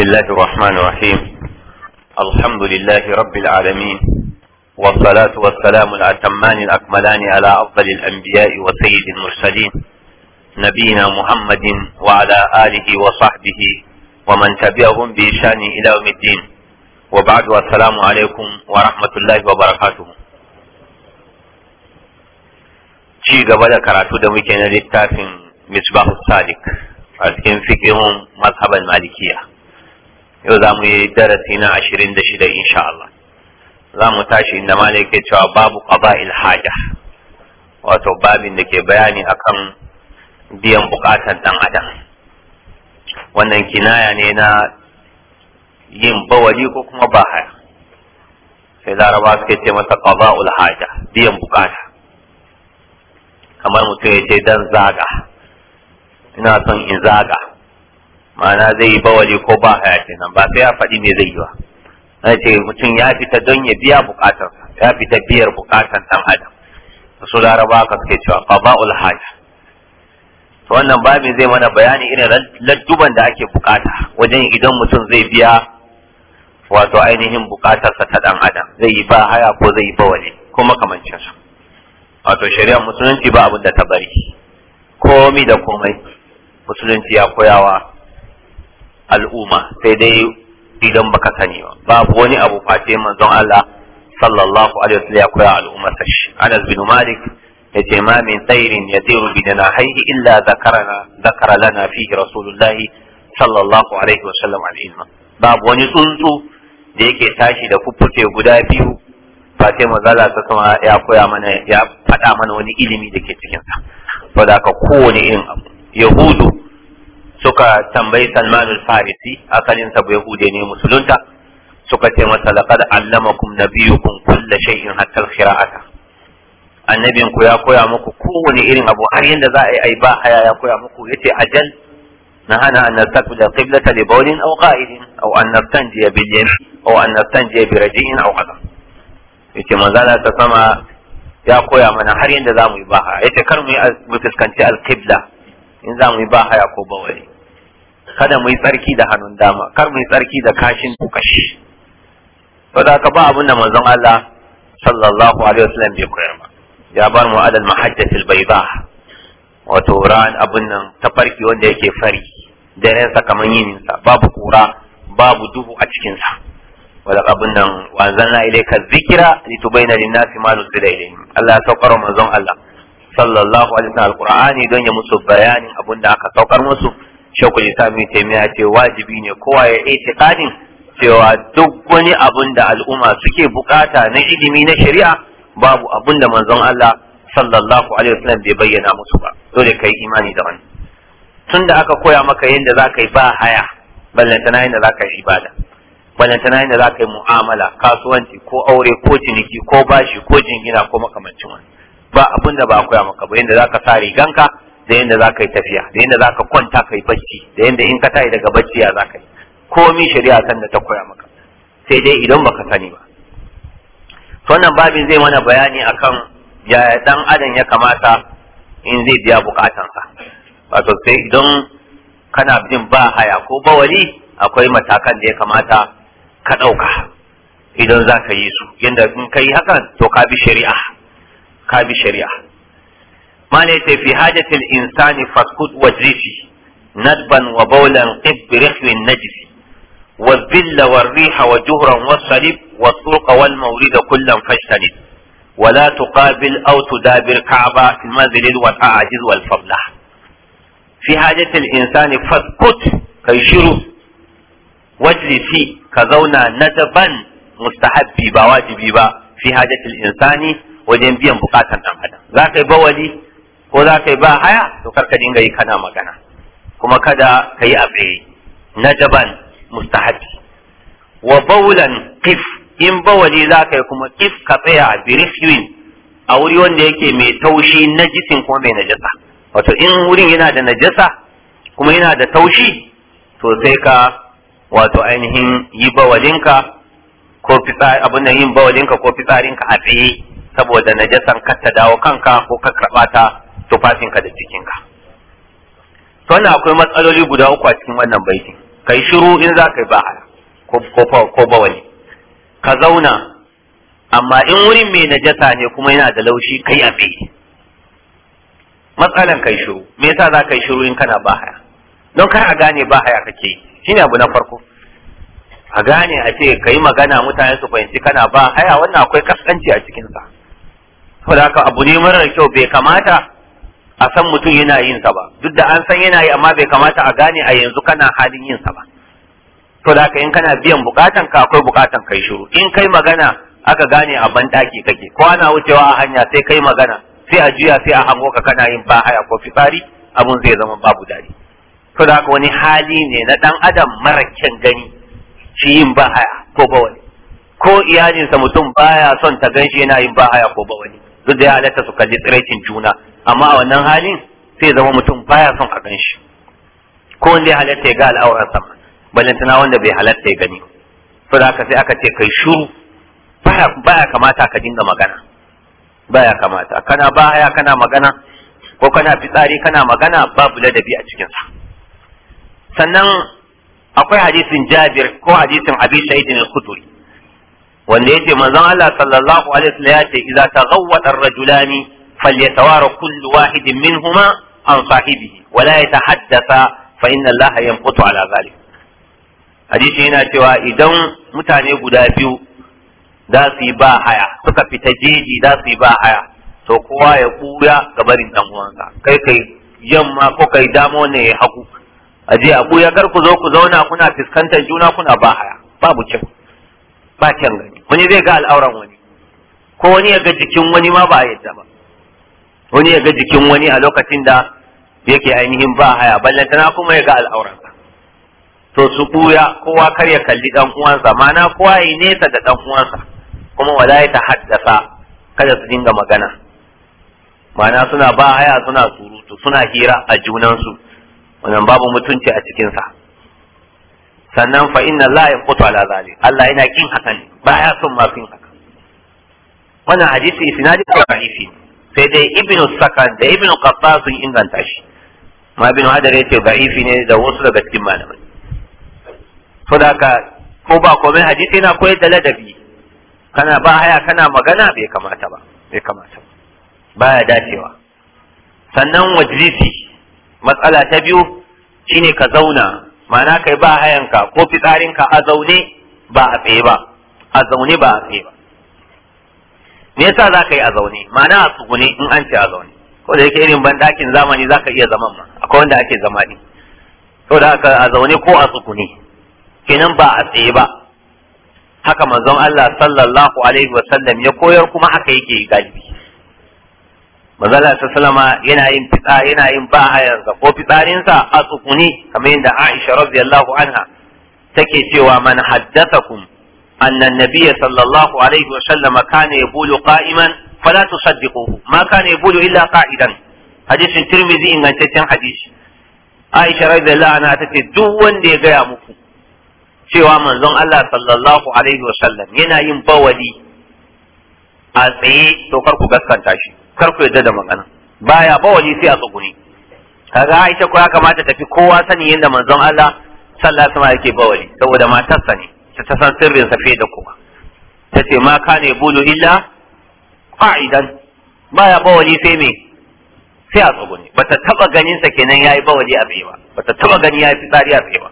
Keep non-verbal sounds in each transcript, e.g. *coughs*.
بسم الله الرحمن الرحيم الحمد لله رب العالمين والصلاة والسلام الأتمان الأكملان على أفضل الأنبياء وسيد المرسلين نبينا محمد وعلى آله وصحبه ومن تبعهم بإشان إلى يوم الدين وبعد السلام عليكم ورحمة الله وبركاته شيء قبل da karatu da muke na littafin misbahu sadiq a yau za mu yi darasi na ashirin da shida insha Allah za mu tashi inda malai ke cewa babu ƙaba ilhaja wato babin da ke bayani akan biyan buƙatar dan adam wannan kinaya ne na yin bawali ko kuma ba haya. sai laraba suke ce masa ƙaba ulhaja biyan bukata kamar mutum ya ce dan zaga ina son in zaga ma'ana zai yi bawali ko ba haya kenan ba sai ya faɗi me zai yi ba na ce mutum ya fita don ya biya bukatar ya fita biyar bukatar ɗan adam su laraba ka suke cewa qada'ul haja to wannan babi zai mana bayani irin ladduban da ake bukata wajen idan mutum zai biya wato ainihin bukatarsa ta ɗan adam zai yi ba haya ko zai yi bawali ko makamancin su wato shari'ar musulunci ba abin ta bari komi da komai musulunci ya koyawa al'umma sai dai idan baka sani ba babu wani abu face manzon Allah sallallahu alaihi wasallam ya koya al'umma shi Anas bin Malik yace ma min tayrin yatiru bi haihi illa zakarana zakara lana fihi sallallahu alaihi wasallam al'ilma babu wani tsuntsu da yake tashi da fuffuke guda biyu face manzala ta ya koya mana ya faɗa mana wani ilimi da ke cikinsa saboda ka kowane irin abu yahudu suka tambayi Salman al-Farisi asalin sa bai hude ne musulunta suka ce masa laqad allamakum nabiyukum kull shay'in hatta al-qira'ata annabin ku ya koya muku kowane irin abu har yanda za a yi ai ba haya ya koya muku yace ajal na hana an nastaqbil qiblata li bawlin aw qa'idin aw an nastanjiya bil yamin aw an nastanjiya bi rajin aw qadam yace manzala ta sama ya koya mana har yanda za mu yi ba haya yace kar mu yi mu fuskanci al-qibla in za mu yi ba haya ko bawali kada mu yi tsarki da hannun dama kar mu yi tsarki da kashin kashi. Ba za ka ba abin da manzon Allah sallallahu alaihi wasallam bai koyar ba ya bar mu adal mahajjatil bayda wato ran abin nan ta tafarki wanda yake fari daren sa kaman yin sa babu kura babu duhu a cikin sa wala abin nan wanzanna ilayka dhikra litubayyana lin-nasi ma nuzila ilayhim Allah ya saukar manzon Allah sallallahu alaihi wasallam alqur'ani don ya musu bayanin abin da aka saukar musu shakul islam ibn ce wajibi ne kowa ya itikadin cewa duk wani abun da al'umma suke bukata na ilimi na shari'a babu abun da manzon Allah sallallahu alaihi wasallam bai bayyana musu ba dole kai imani da tun tunda aka koya maka yadda za ka yi ba haya ballantana yadda za ka yi ibada ballantana yadda za ka yi mu'amala kasuwanci ko aure ko ciniki ko bashi ko jingina ko makamancin wani ba abin da ba a koya maka ba yadda za ka sa riganka da yadda za ka yi tafiya da yadda za ka kwanta ka yi bacci da yadda in ka tayi daga bacci ya za ka yi komi shari'a san da ta koya maka sai dai idan baka sani ba wannan babin zai mana bayani akan ya dan adam ya kamata in zai biya bukatansa wato sai idan kana bin ba haya ko bawali akwai matakan da ya kamata ka ɗauka idan za ka yi su yadda in ka yi hakan to ka bi shari'a ka bi shari'a مالتي في حاجة الإنسان فاسكت وجريسي ندبا وبولا قب برخو النجس والذل والريح وجهرا والصليب والسرق والمولد كلا فاجتنب ولا تقابل أو تدابر كعبة المذل والعاجز والفضلة في حاجة الإنسان فاسكت كيشيرو واجلسي كذونا ندبا مستحب بواجبي با في حاجة الإنسان وجنبيا بقاتا نعمل ذاك بولي ko za ka yi ba haya to karka dinga yi kana magana kuma kada ka yi a na daban mustahabi wa bawlan qif in bawali za ka yi kuma qif ka tsaya a rifyun a wuri wanda yake mai taushi na najisin kuma mai najasa wato in wurin yana da najasa kuma yana da taushi to sai ka wato ainihin yi bawalinka ko abin da yin bawalinka ko fitsarinka a tsaye saboda najasan kar ta dawo kanka ko ka karɓa ta tufafinka da cikinka to wannan akwai matsaloli guda uku a cikin wannan baitin yi shiru in za ka yi ba'a ko wani ka zauna amma in wurin mai najasa ne kuma yana da laushi kai a abe. matsalan ka yi shiru me yasa za ka yi shiru in kana bahaya don kar a gane bahaya kake yi shine abu na farko a gane a ce ka yi magana mutane su fahimci kana ba haya wannan akwai kaskanci a cikinsa saboda haka abu ne marar kyau bai kamata a san mutum yana yin sa ba duk da an san yana yi amma bai kamata a gane a yanzu kana halin yin sa ba to da in kana biyan bukatan ka akwai bukatan kai shiru in kai magana aka gane a bandaki kake ko ana wucewa a hanya sai kai magana sai a juya sai a hango ka kana yin bahaya ko fitsari abun zai zama babu dadi to da wani hali ne na dan adam mara kyan gani shi yin bahaya ko ba wani ko iyalinsa mutum baya son ta ganshi yana yin bahaya ko ba wani duk da ya halatta su kalli tsiraicin juna amma a wannan halin sai zama mutum baya son a gan shi ko wanda ya halatta ya ga al'auran sama balantana wanda bai halatta ya gani so da aka sai aka ce kai shuru baya kamata ka dinga magana baya kamata kana baya kana magana ko kana fitsari kana magana babu ladabi a cikinsa sannan akwai hadisin jabir ko hadisin abi shahidin al-khudri wanda yace manzon Allah sallallahu alaihi wasallam ya ce idza taghawwata ar-rajulani فليتوارى كل واحد منهما عن صاحبه ولا يتحدث فإن الله يمقت على ذلك hadisi yana cewa idan mutane guda biyu za su yi ba haya suka fita jeji za su yi ba haya to kowa ya kuya ga barin dan kai kai yamma ko kai damo ne ya hagu a a kuya kar ku zo ku zauna kuna fuskantar juna kuna ba haya babu kyau ba kyan gani wani zai ga al'auran wani ko wani ya ga jikin wani ma ba a yadda ba wani ya ga jikin wani a lokacin da yake ainihin ba haya tana kuma ya ga al'auransa to su ɓuya kowa kar ya kalli dan uwansa mana kowa ya nesa da dan uwansa kuma wala ya ta haddasa kada su dinga magana mana suna ba haya suna surutu suna hira a junansu wannan babu mutunci a cikinsa sannan fa inna la yaqutu ala zalik Allah yana kin hakan baya son ma kin hakan wannan hadisi isnadi da rahifi sai dai ibnu sakan da ibnu Kafa sun inganta shi ma ibnu hadar yace da'ifi ne da wasu daga cikin malamai to da ka ko ba komai hadisi na koyar da ladabi kana ba haya kana magana bai kamata ba bai kamata ba ya dacewa sannan wajlisi matsala ta biyu shine ka zauna ma'ana kai ba hayanka ko fitsarinka a zaune ba a tsaye ba a zaune ba a tsaye ba me yasa za ka yi a zaune ma'ana a tsugune in an ce a zaune ko da yake irin banɗakin zamani za ka iya zaman ma akwai wanda ake zama ne to da haka a zaune ko a tsugune kenan ba a tsaye ba haka manzon Allah sallallahu alaihi wa sallam ya koyar kuma haka yake galibi manzon Allah sallama yana yin fitsa yana yin ba'ayansa ko fitsarinsa a tsugune kamar yadda Aisha radiyallahu anha take cewa man haddathakum أن النبي صلى الله عليه وسلم كان يبول قائما فلا تصدقوه ما كان يبول إلا قائدا حديث الترمذي إن أنت حديث عائشة رضي الله عنها تتي دون دي غيا مكو سوى من ذن الله صلى الله عليه وسلم ينا ينبولي أزمي تو كركو غسكن تاشي كركو يدد مغانا بايا بولي سيا تغني kaga Aisha ko ya kamata tafi kowa sani yadda manzon Allah sallallahu alaihi wasallam yake bawali saboda matarsa ne ta ta san sirrinsa fiye da kuma ta ce ma ka ne bulu illa ƙa'idan ba ya bawali sai me sai a tsuguni ba ta taɓa ganinsa kenan ya yi bawali a tsaye ba ba ta taɓa gani ya yi fitsari a fiye ba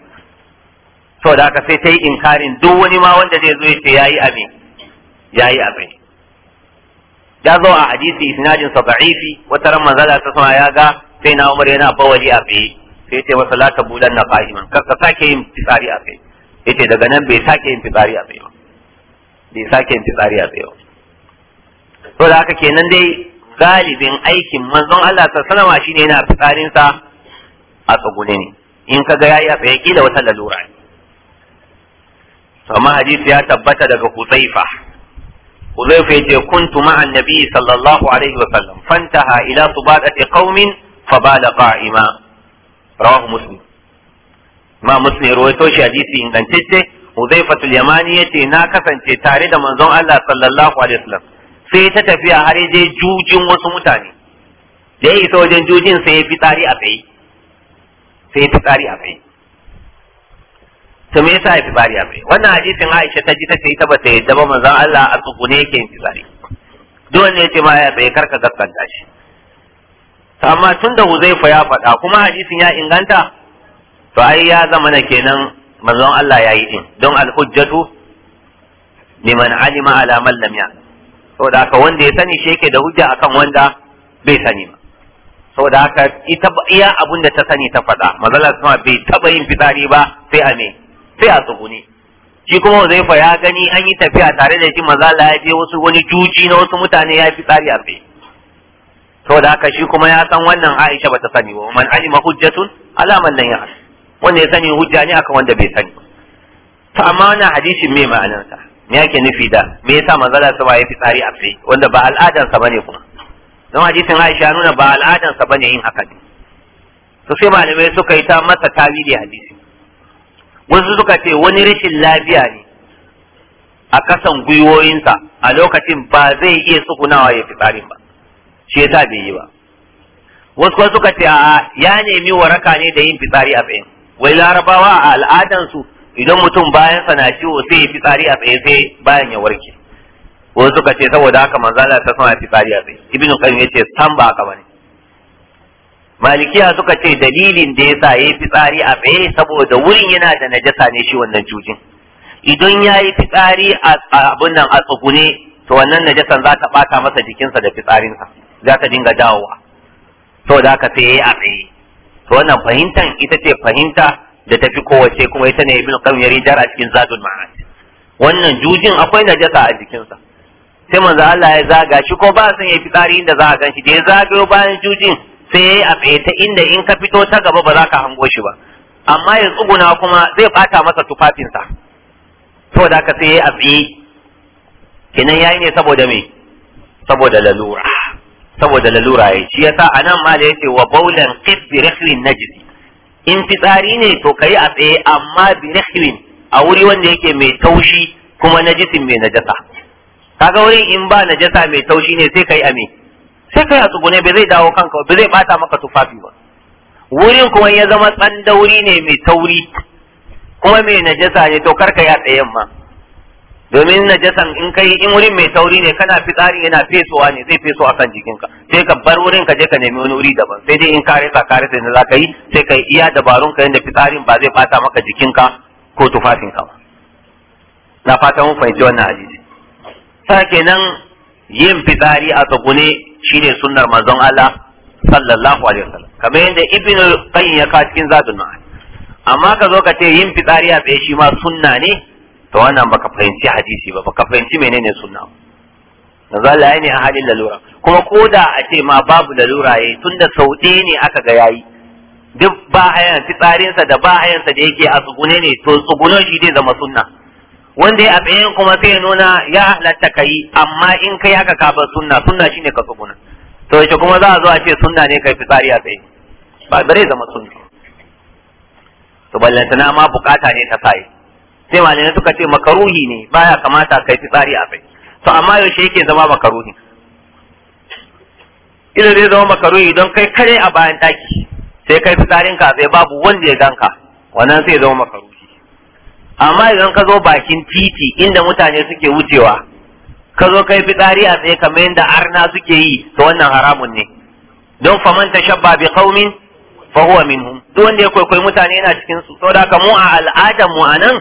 to da haka sai ta yi inkarin duk wani ma wanda zai zo ya ce ya yi a ya yi a ya zo a hadisi isnadin sa da'ifi wata ran manzala ta sama ya ga sai na umar yana bawali a tsaye sai ce masa la ta bulan na fahiman kar ka sake yin fitsari a tsaye yace daga nan bai sake yin fitsari a tsaye bai sake yin fitsari a tsaye ba to da haka kenan dai galibin aikin manzon Allah sallallahu alaihi shine yana fitsarin sa a tsugune ne in kaga yayi a tsaye kila wata lalura ne to amma hadisi ya tabbata daga Huzaifa Huzaifa yace kuntu ma'a annabi sallallahu alaihi wa sallam fantaha ila subadati qaumin fabala qa'ima rawahu muslim ma musu ne rawaito shi hadisi ingantacce Huzaifatu Yamani yace na kasance tare da manzon Allah sallallahu alaihi wasallam sai ta tafiya har je jujin wasu mutane da ya isa wajen jujin sai ya tsari a tsaye sai ya tsari a tsaye to me yasa ya tsari a tsaye wannan hadisin Aisha ta ji ta ce ita ba ta yadda ba manzon Allah a tsugune yake yin fitsari duk wanda ce ma ya tsaye karka gaskanta shi amma da Huzaifa ya faɗa kuma hadisin ya inganta to ai ya zama na kenan manzon Allah ya yi din don al-hujjatu liman alima ala man lam ya saboda haka wanda ya sani shi yake da hujja akan wanda bai sani ba saboda haka ita iya abun da ta sani ta faɗa mazalla kuma bai taɓa yin fitsari ba sai a me sai a tsuguni shi kuma fa ya gani an yi tafiya tare da shi mazala ya je wasu wani juji na wasu mutane ya fi tsari a to saboda haka shi kuma ya san wannan Aisha bata sani ba man alima hujjatun ala man lam ya wanda ya sani hujja ne akan wanda bai sani to amma wannan hadisin me ma'anarsa me yake nufi da me yasa Allah sama ya tsari a fi wanda ba sa bane kuma don hadisin Aisha nuna ba sa bane yin haka to sai malamai suka yi ta masa tawili hadisi wasu suka ce wani rashin lafiya ne a kasan gwiwoyinsa a lokacin ba zai iya tsukunawa ya fitsarin ba shi yasa bai yi ba wasu suka ce a ya nemi waraka ne da yin fitsari a tsayin wai larabawa a al'adansu idan mutum bayan sana ciwo sai ya fitsari a tsaye sai bayan ya warke wasu suka ce saboda haka manzo Allah ta sama fitsari a tsaye ibnu qayyim yace san ba haka bane malikiya suka ce dalilin da yasa yayi fitsari a tsaye saboda wurin yana da najasa ne shi wannan jujin idan yayi fitsari a abun nan a tsugune to wannan najasan za ta bata masa jikinsa da fitsarinsa za ta dinga dawowa saboda haka sai yayi a tsaye to wannan fahimtan ita ce fahimta da ta fi kowace kuma ita ne ibn qayyim ya a cikin zadul ma'ad wannan jujin akwai najasa a jikinsa sai manzo Allah ya zaga shi ko ba san yayi tsari inda za a ganshi da ya zagayo bayan jujin sai yayi a ta inda in ka fito ta gaba ba za ka hango shi ba amma ya tsuguna kuma zai bata masa tufafinsa to da ka sai ya a kenan yayi ne saboda me saboda lalura saboda lalura ya shi yasa anan ma da yace wa Baulan qid bi na najis in fitsari ne to kai a tsaye amma bi a wuri wanda yake mai taushi kuma najisin mai najasa kaga wurin in ba najasa mai taushi ne sai kai a sai kai a tsugune bai zai dawo kanka ba zai bata maka tufafi ba wurin kuma ya zama tsandauri ne mai tauri kuma mai najasa ne to karka ya tsayen ma domin najasan in kai in wurin mai sauri ne kana fitsari yana fesowa ne zai feso a kan jikinka sai ka bar wurin ka je ka nemi wani wuri daban sai dai in kare ka kare sai za ka yi sai ka iya dabarun ka yanda fitsarin ba zai bata maka jikinka ko tufafinka ba na fata mun fahimci wannan hadisi sake nan yin fitsari a tsugune shine sunnar manzon Allah sallallahu alaihi wasallam kamar yadda ibnu qayyim ya ka cikin zadul amma ka zo ka ce yin fitsari a tsaye shi ma sunna ne to wannan baka fahimci hadisi ba baka fahimci menene sunna na Allah yayi ne a halin lalura kuma koda a ce ma babu lalura yayi tunda sau ɗaya ne aka ga yayi duk ba hayan fitsarinsa da ba hayansa da yake a tsugune ne to tsugunan shi zai zama sunna wanda ya abe kuma sai nuna ya halatta kai amma in kai aka kafa sunna sunna shine ka tsuguna to yace kuma za a zo a ce sunna ne kai fitsari a tsaye ba bare zama sunna to ballantana ma bukata ne ta sai sai malamai suka ce makaruhi ne baya kamata kai fitsari a kai to amma yaushe yake zama makaruhi idan zai zama makaruhi don kai kare a bayan daki sai kai fitsarin ka sai babu wanda ya ganka wannan sai zama makaruhi amma idan ka zo bakin titi inda mutane suke wucewa ka zo kai fitsari a tsaye kamar yadda arna suke yi to wannan haramun ne don faman shabba bi qaumin fa huwa minhum duk wanda ya kwaikwayi mutane yana cikin su saboda haka mu a al'adar mu anan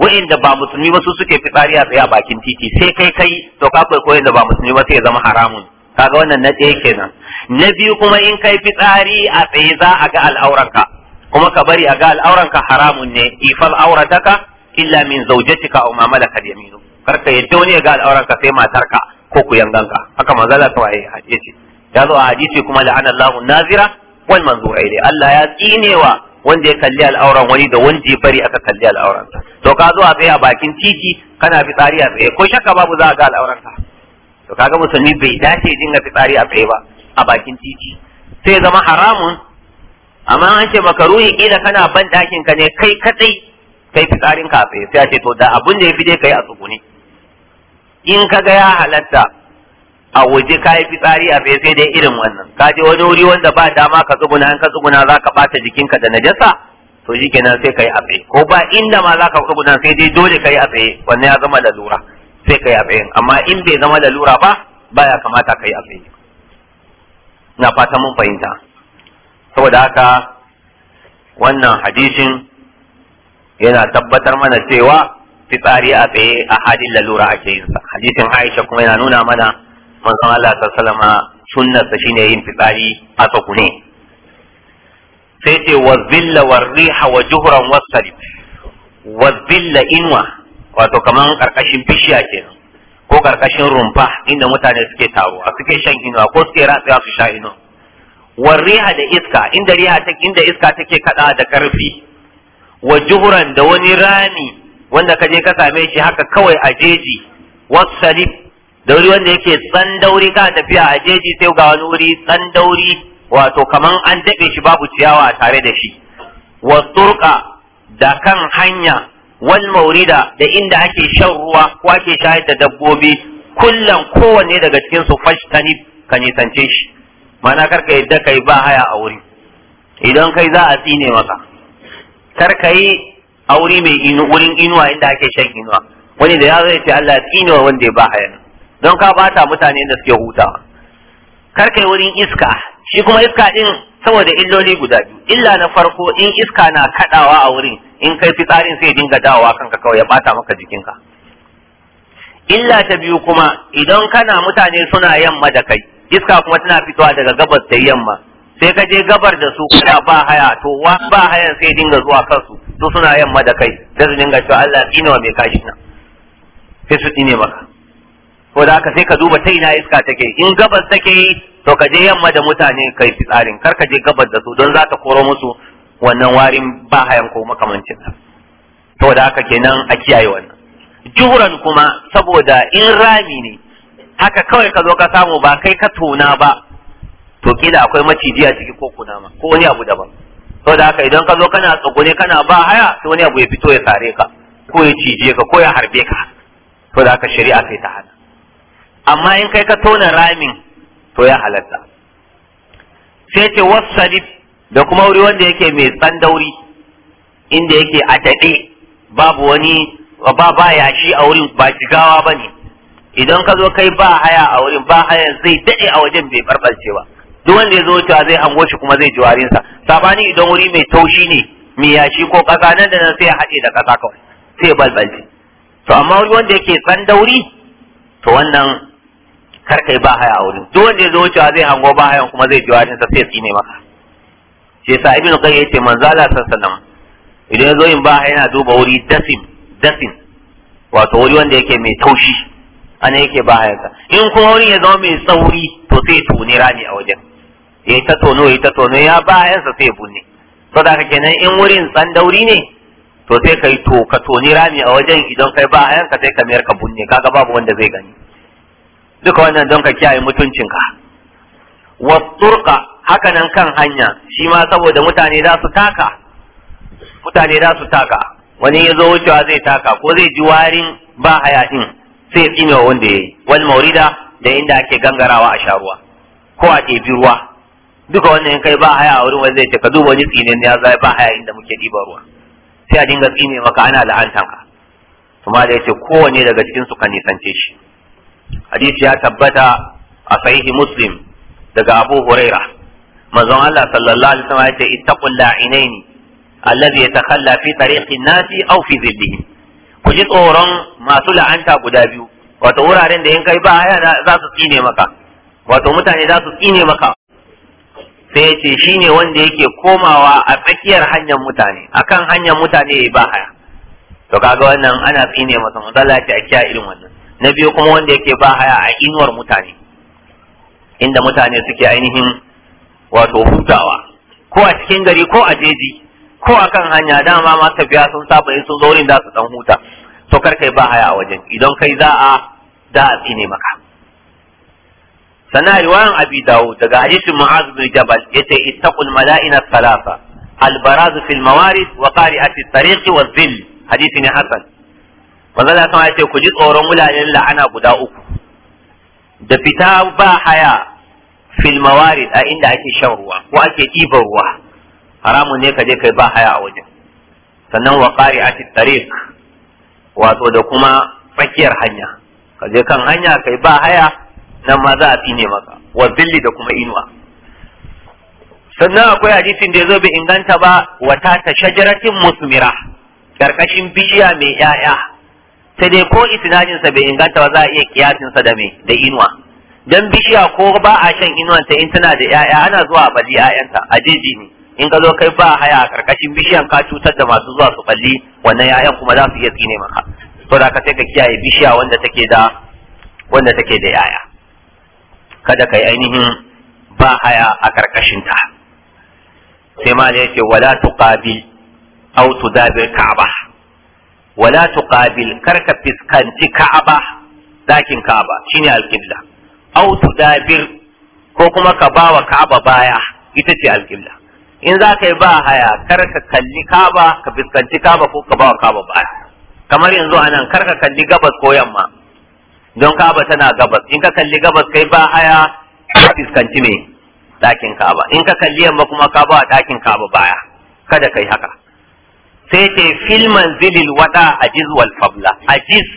wa'inda ba musulmi ba su suke fitsari a tsaye a bakin titi sai kai kai to ka kwaikwayo da ba musulmi ba sai ya zama haramun kaga wannan na ɗaya kenan na biyu kuma in kai fitsari a tsaye za a ga al'auranka kuma ka bari a ga al'auranka haramun ne ifal aurataka illa min zawjatika aw ma malakat yaminu karka yadda wani ya ga al'auranka sai matarka ko ku yanganka haka manzala ta hadisi ya zo a hadisi kuma la'ana Allahu nazira wal manzura ilai Allah ya tsinewa wanda ya kalli al'auran wani da wanda ya bari aka kalli ta to ka zo a tsaye a bakin titi kana fitsari a tsaye ko shakka babu za a ga al'auranka to kaga musulmi bai dace dinga fitsari a tsaye ba a bakin titi sai zama haramun amma an ce makaruhi kila kana ban dakin ka ne kai kadai kai fitsarin ka a tsaye sai a ce to da abun da ya fi dai kai a tsugune in ga ya halatta a waje ka yi fitsari a sai da irin wannan ka je wani wuri wanda ba dama ka tsuguna in ka tsuguna za ka bata jikinka da najasa to shi kenan sai ka yi a ko ba inda ma za ka tsuguna sai dai dole ka yi a wannan ya zama lalura sai ka yi a amma in bai zama lalura ba baya kamata ka yi a na fata mun fahimta saboda haka wannan hadisin yana tabbatar mana cewa fitsari a tsaye a halin lalura ake yin sa hadisin Aisha kuma yana nuna mana manzon Allah sallama sunnarsa shine yin fitsari a tsakune sai ce wa zilla wa riha wa juhran wa salib wa zilla inwa wato kaman karkashin bishiya kenan ko karkashin rumfa inda mutane suke taro a suke shan inuwa ko suke ratsa su sha inuwa wa riha da iska inda riha take inda iska take kada da karfi wa juhran da wani rami wanda kaje ka same shi haka kawai a jeji wa salib Dauri wanda yake dauri ka tafiya a jeji sai ga wani wuri dauri wato kaman an daɓe shi babu ciyawa tare da shi wa turqa da kan hanya wal maurida da inda ake shan ruwa ko ake shayar da dabbobi kullan kowanne daga cikin su fashtani ka nisance shi ma'ana karka yadda kai ba haya a wuri idan kai za a tsine maka karka yi a wuri mai wurin inuwa inda ake shan inuwa wani da ya zai ce Allah ya tsine wa wanda ya ba haya don ka bata mutane da suke huta kar yi wurin iska shi kuma iska din saboda illoli guda biyu illa na farko in iska na kadawa a wurin in kai fitsarin sai dinga dawowa kanka kawai ya bata maka jikinka illa ta biyu kuma idan kana mutane suna yamma da kai iska kuma tana fitowa daga gabas da yamma sai ka je gabar da su kana ba haya to wa ba hayan sai dinga zuwa kansu to suna yamma da kai da su dinga cewa Allah tsine wa mai kashi na sai su tsine maka ko da haka sai ka duba ta ina iska take in gabas take to ka je yamma da mutane kai fitsarin kar ka je gabas da su don za ta koro musu wannan warin ba hayan ko makamancin sa to da haka kenan a kiyaye wannan juhuran kuma saboda in rami ne haka kawai ka zo ka samu ba kai ka tona ba to kila akwai maciji a ciki ko ma ko wani abu daban da haka idan ka zo kana tsugune kana ba haya sai wani abu ya fito ya sare ka ko ya cije ka ko ya harbe ka to da haka shari'a sai ta hana amma in kai ka tona ramin to ya halatta sai ce wasalif da kuma wuri wanda yake mai tsandauri inda yake a daɗe babu wani ba ba yashi a wurin ba jigawa ba ne idan ka zo kai ba haya a wurin ba haya zai daɗe a wajen bai barbarce ba duk wanda ya zo wucewa zai hango shi kuma zai ji warinsa sabani idan wuri mai taushi ne mai yashi ko ƙasa nan da nan sai ya haɗe da ƙasa kawai sai ya balbalce to amma wuri wanda yake tsandauri to wannan kar kai ba haya a wurin duk wanda ya zo wucewa zai hango ba hayan kuma zai jiwa shi sai tsine maka shi yasa ibnu qayyim yace manzo Allah sallallahu idan ya zo yin ba haya yana duba wuri dasin dasin wato wuri wanda yake mai taushi ana yake ba hayansa in kuma wurin ya zama mai tsauri to sai tuni rami a wajen ya ta tono ya ta tono ya ba hayansa sai bunne to haka kenan in wurin tsandauri ne to sai kai to ka toni rami a wajen idan kai ba hayanka sai ka mayar ka bunne kaga babu wanda zai gani duka wannan don ka kiyaye mutuncinka wa haka nan kan hanya shi ma saboda mutane za su taka mutane za su taka wani ya zo wucewa zai taka ko zai ji warin ba haya din sai tsinewa wanda ya yi wal maurida da inda ake gangarawa a sharuwa ko a ɗebi ruwa duka wannan in kai ba haya a wurin wanda zai ce ka duba wani ne ya zai ba haya inda muke ɗiba ruwa sai a dinga tsine maka ana la'antanka kuma da yace kowanne daga cikin su ka nisance shi hadisi ya tabbata a sahihi muslim daga abu huraira manzon Allah sallallahu alaihi wasallam yace ittaqul la'inaini alladhi yatakhalla fi tariqin nasi aw fi dhillihim ku ji tsoron masu la'anta guda biyu wato wuraren da in kai ba haya za su tsine maka wato mutane za su tsine maka sai yace shine wanda yake komawa a tsakiyar hanyar mutane akan hanyar mutane ya ba haya to kaga wannan ana tsine masa manzon Allah a kiyaye irin wannan na biyu kuma wanda yake ba haya a inuwar mutane inda mutane suke ainihin wato hutawa ko a cikin gari ko a jeji ko a kan hanya dama ma tafiya sun saba in sun da su dan huta to kar kai ba haya a wajen idan kai za a da a tsine maka sana riwayan abi dawo daga hadisin mu'az bin jabal yace ittaqul mala'ina Salasa, al baraz fil mawarid wa qari'ati at-tariq wa dhill hadisi ne hasan manzala sama yace ce ku ji tsoron mulayen la'ana guda uku da fita ba haya fil mawarid a inda ake shan ruwa ko ake ɗiban ruwa haramun ne ka je kai ba haya a wajen sannan wa qari'ati tariq wato da kuma tsakiyar hanya ka je kan hanya kai ba haya nan ma za a tsine maka wa zilli da kuma inuwa sannan akwai hadisin da ya zo bai inganta ba wata ta shajaratin musmira karkashin bishiya mai 'ya'ya sai dai ko isnadin sa bai inganta ba za a iya kiyasin sa da me da inuwa dan bishiya ko ba a shan inuwan ta in tana da yaya ana zuwa a balli yayanta a jeji ne in ka zo kai ba haya a karkashin bishiyan ka cutar da masu zuwa su balli wannan yayan kuma za su iya tsine maka to da ka sai ka kiyaye bishiya wanda take da wanda take da yaya kada kai ainihin ba haya a karkashin ta sai ma ya ce wala tuqabil aw tudabir ka'bah wala tuqabil karka fiskanci ka'aba dakin ka'aba shine alqibla aw tudabir ko kuma ka bawa baya ita ce alqibla in za ka yi ba haya karka kalli ka'aba ka fiskanci ka'aba ko ka bawa baya kamar yanzu anan karka kalli gabas ko yamma don ka'aba tana gabas in ka kalli gabas kai ba haya ka fiskanci me dakin in ka kalli yamma kuma ka bawa dakin baya kada kai haka sai ce fil manzilil wada ajiz wal fabla ajiz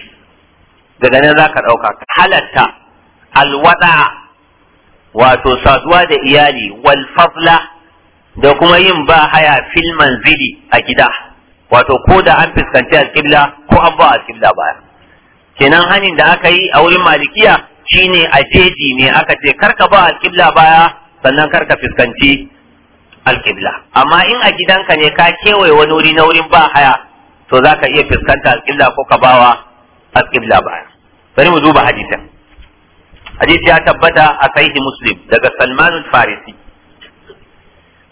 daga nan zaka dauka halatta al wada wato saduwa da iyali wal fabla da kuma yin ba haya filman zili a gida wato ko da an fuskanci alƙibla ko an ba alƙibla baya kenan hanin da aka yi a wurin malikiya shine a jeji ne aka ce karka ba alƙibla baya sannan karka fuskanci alƙibla amma in a gidanka ne ka kewaye wani wuri na wurin ba haya to za ka iya fuskanta alƙibla ko ka bawa alƙibla baya bari mu duba hadisin hadisi ya tabbata a sahihi muslim daga salman farisi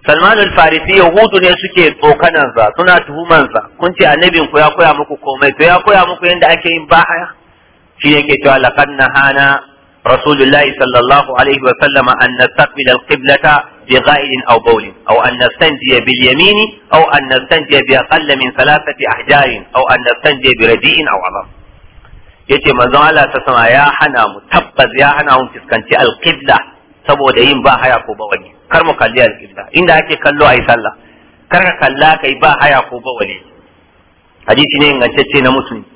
salman farisi yahudu ne suke tsokanansa suna tuhumansa kun ce annabin ku ya koya muku komai to ya koya muku yadda ake yin ba haya shi ne ke cewa laqad nahana rasulullahi sallallahu alaihi wa sallama an nastaqbil بغائل أو بول أو أن نستنجي باليمين أو أن نستنجي بأقل من ثلاثة أحجار أو أن نستنجي برديء أو عظم ya hana mu tabbas ya hana mu fuskanci alqibla saboda yin ba haya ko bawali kar mu kalli alqibla inda ake kallo ayi sallah kar ka kalla kai ba haya ko bawali hadisi ne ingantacce na musulmi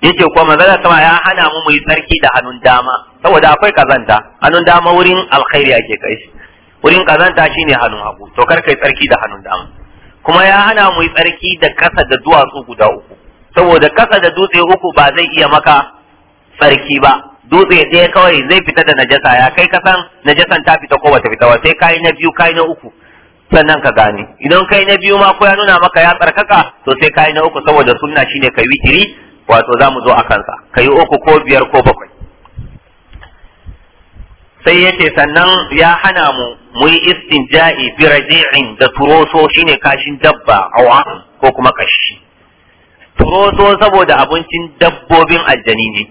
yace kuma manzon sama ya hana mu mu yi sarki da hannun dama saboda akwai kazanta hannun dama wurin alkhairi ake kai wurin kazanta shine hannun hagu to kar kai tsarki da hannun dama kuma ya hana mu yi tsarki da kasa da duwatsu guda uku saboda kasa da dutse uku ba zai iya maka tsarki ba dutse ɗaya kawai zai fita da najasa ya kai kasan najasan ta fita ko bata fita ba sai kai na biyu kai na uku sannan ka gane idan kai na biyu ma ko ya nuna maka ya tsarkaka to sai kai na uku saboda sunna shine kai witiri wato za mu zo a kansa kai uku ko biyar ko bakwai sai yace sannan ya hana mu mun istinja'i bi raji'in da turoso shine kashin dabba awa ko kuma kashi turoso saboda abincin dabbobin aljani ne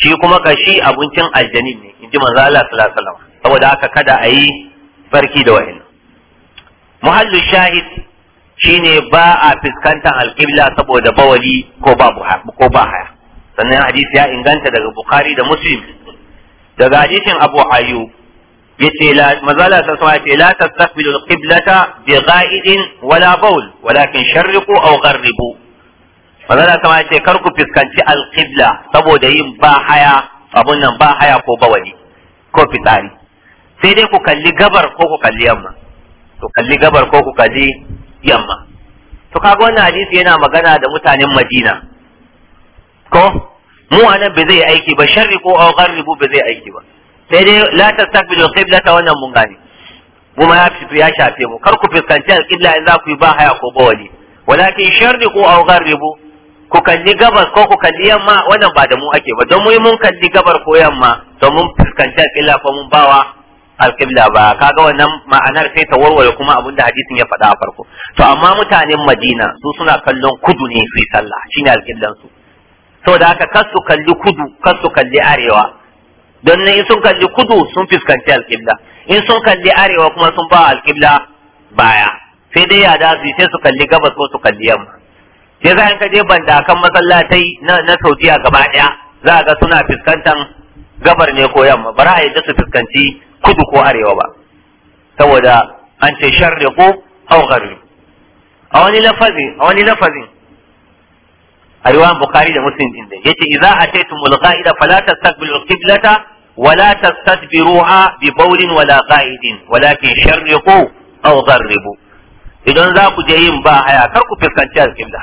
shi kuma kashi abincin aljani ne inji manzo Allah sallallahu alaihi wasallam saboda haka kada a yi farki da wa'in muhallu shahid shine ba a fuskantar alƙibla saboda bawali ko babu ko ba haya sannan hadisi ya inganta daga bukhari da muslim daga hadisin abu ayyub yace la mazala ta sama yace la tastaqbilu alqiblata bi ghaidin wala bawl walakin sharriqu aw gharribu mazala sama yace kar ku fiskanci alqibla saboda yin ba haya ba haya ko bawali sai dai ku kalli gabar ko ku kalli yamma to kalli gabar ko ku kalli yamma to kaga wannan hadisi yana magana da mutanen Madina ko mu anan bai zai aiki ba ko aw gharribu bai zai aiki ba sai dai la tastaqbilu ta wannan mun gane mu ma ya shafe mu kar ku fuskanci alƙibla in za ku yi ba haya ko bawali walakin ko aw gharribu ku kalli gabas ko ku kalli yamma wannan ba da mu ake ba don mu mun kalli gabar ko yamma don mun fuskanci alƙibla ko mun bawa alƙibla ba kaga wannan ma'anar sai ta warware kuma abin da hadisin ya faɗa a farko to amma mutanen madina su suna kallon kudu ne su yi sallah shine alƙiblan su saboda haka kar su kalli kudu kar su kalli arewa don in sun kalli kudu sun fuskanci alƙibla in sun kalli arewa kuma sun ba alƙibla baya sai dai ya dasu sai su kalli gabas ko su kalli yamma sai za ka je bandakan masallatai na na Saudiya gaba ɗaya za ga suna fuskantan gabar ne ko yamma bara a yadda su fuskanci kudu ko arewa ba saboda an ce sharri ko au gharbi a wani lafazin a wani lafazin a riwayan bukhari da muslim din da yace idza ataytumul qa'ida fala tastaqbilu qiblata ولا تستدبروها ببول ولا قائد ولكن شرقوا أو غربوا idan za ku je yin ba kar ku fuskanci alƙibla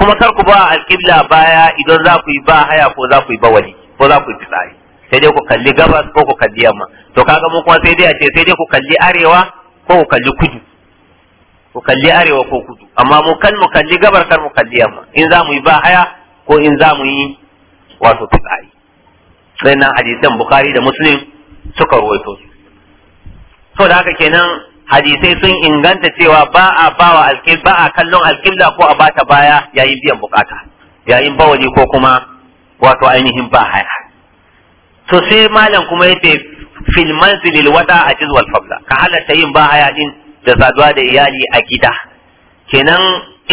kuma kar ku ba alƙibla baya idan za ku yi ba haya ko za ku yi bawali ko za ku yi fitsari sai dai ku kalli gabas ko ku kalli yamma to kaga mu sai dai a ce sai dai ku kalli arewa ko ku kalli kudu ku kalli arewa ko kudu amma mu kan mu kalli mu kalli yamma in za mu yi ko in za mu yi wato fitsari Sai nan hadisan bukari da muslim suka ruwaito su so da haka kenan hadisai sun inganta cewa ba a bawa alkil ba a kallon alkilla ko a bata baya yayin biyan bukata yayin bawali ko kuma wato ainihin ba haya to sai malam kuma yace fil manzil al a ajiz wal fabla ka halatta yin ba haya din da saduwa da iyali a gida kenan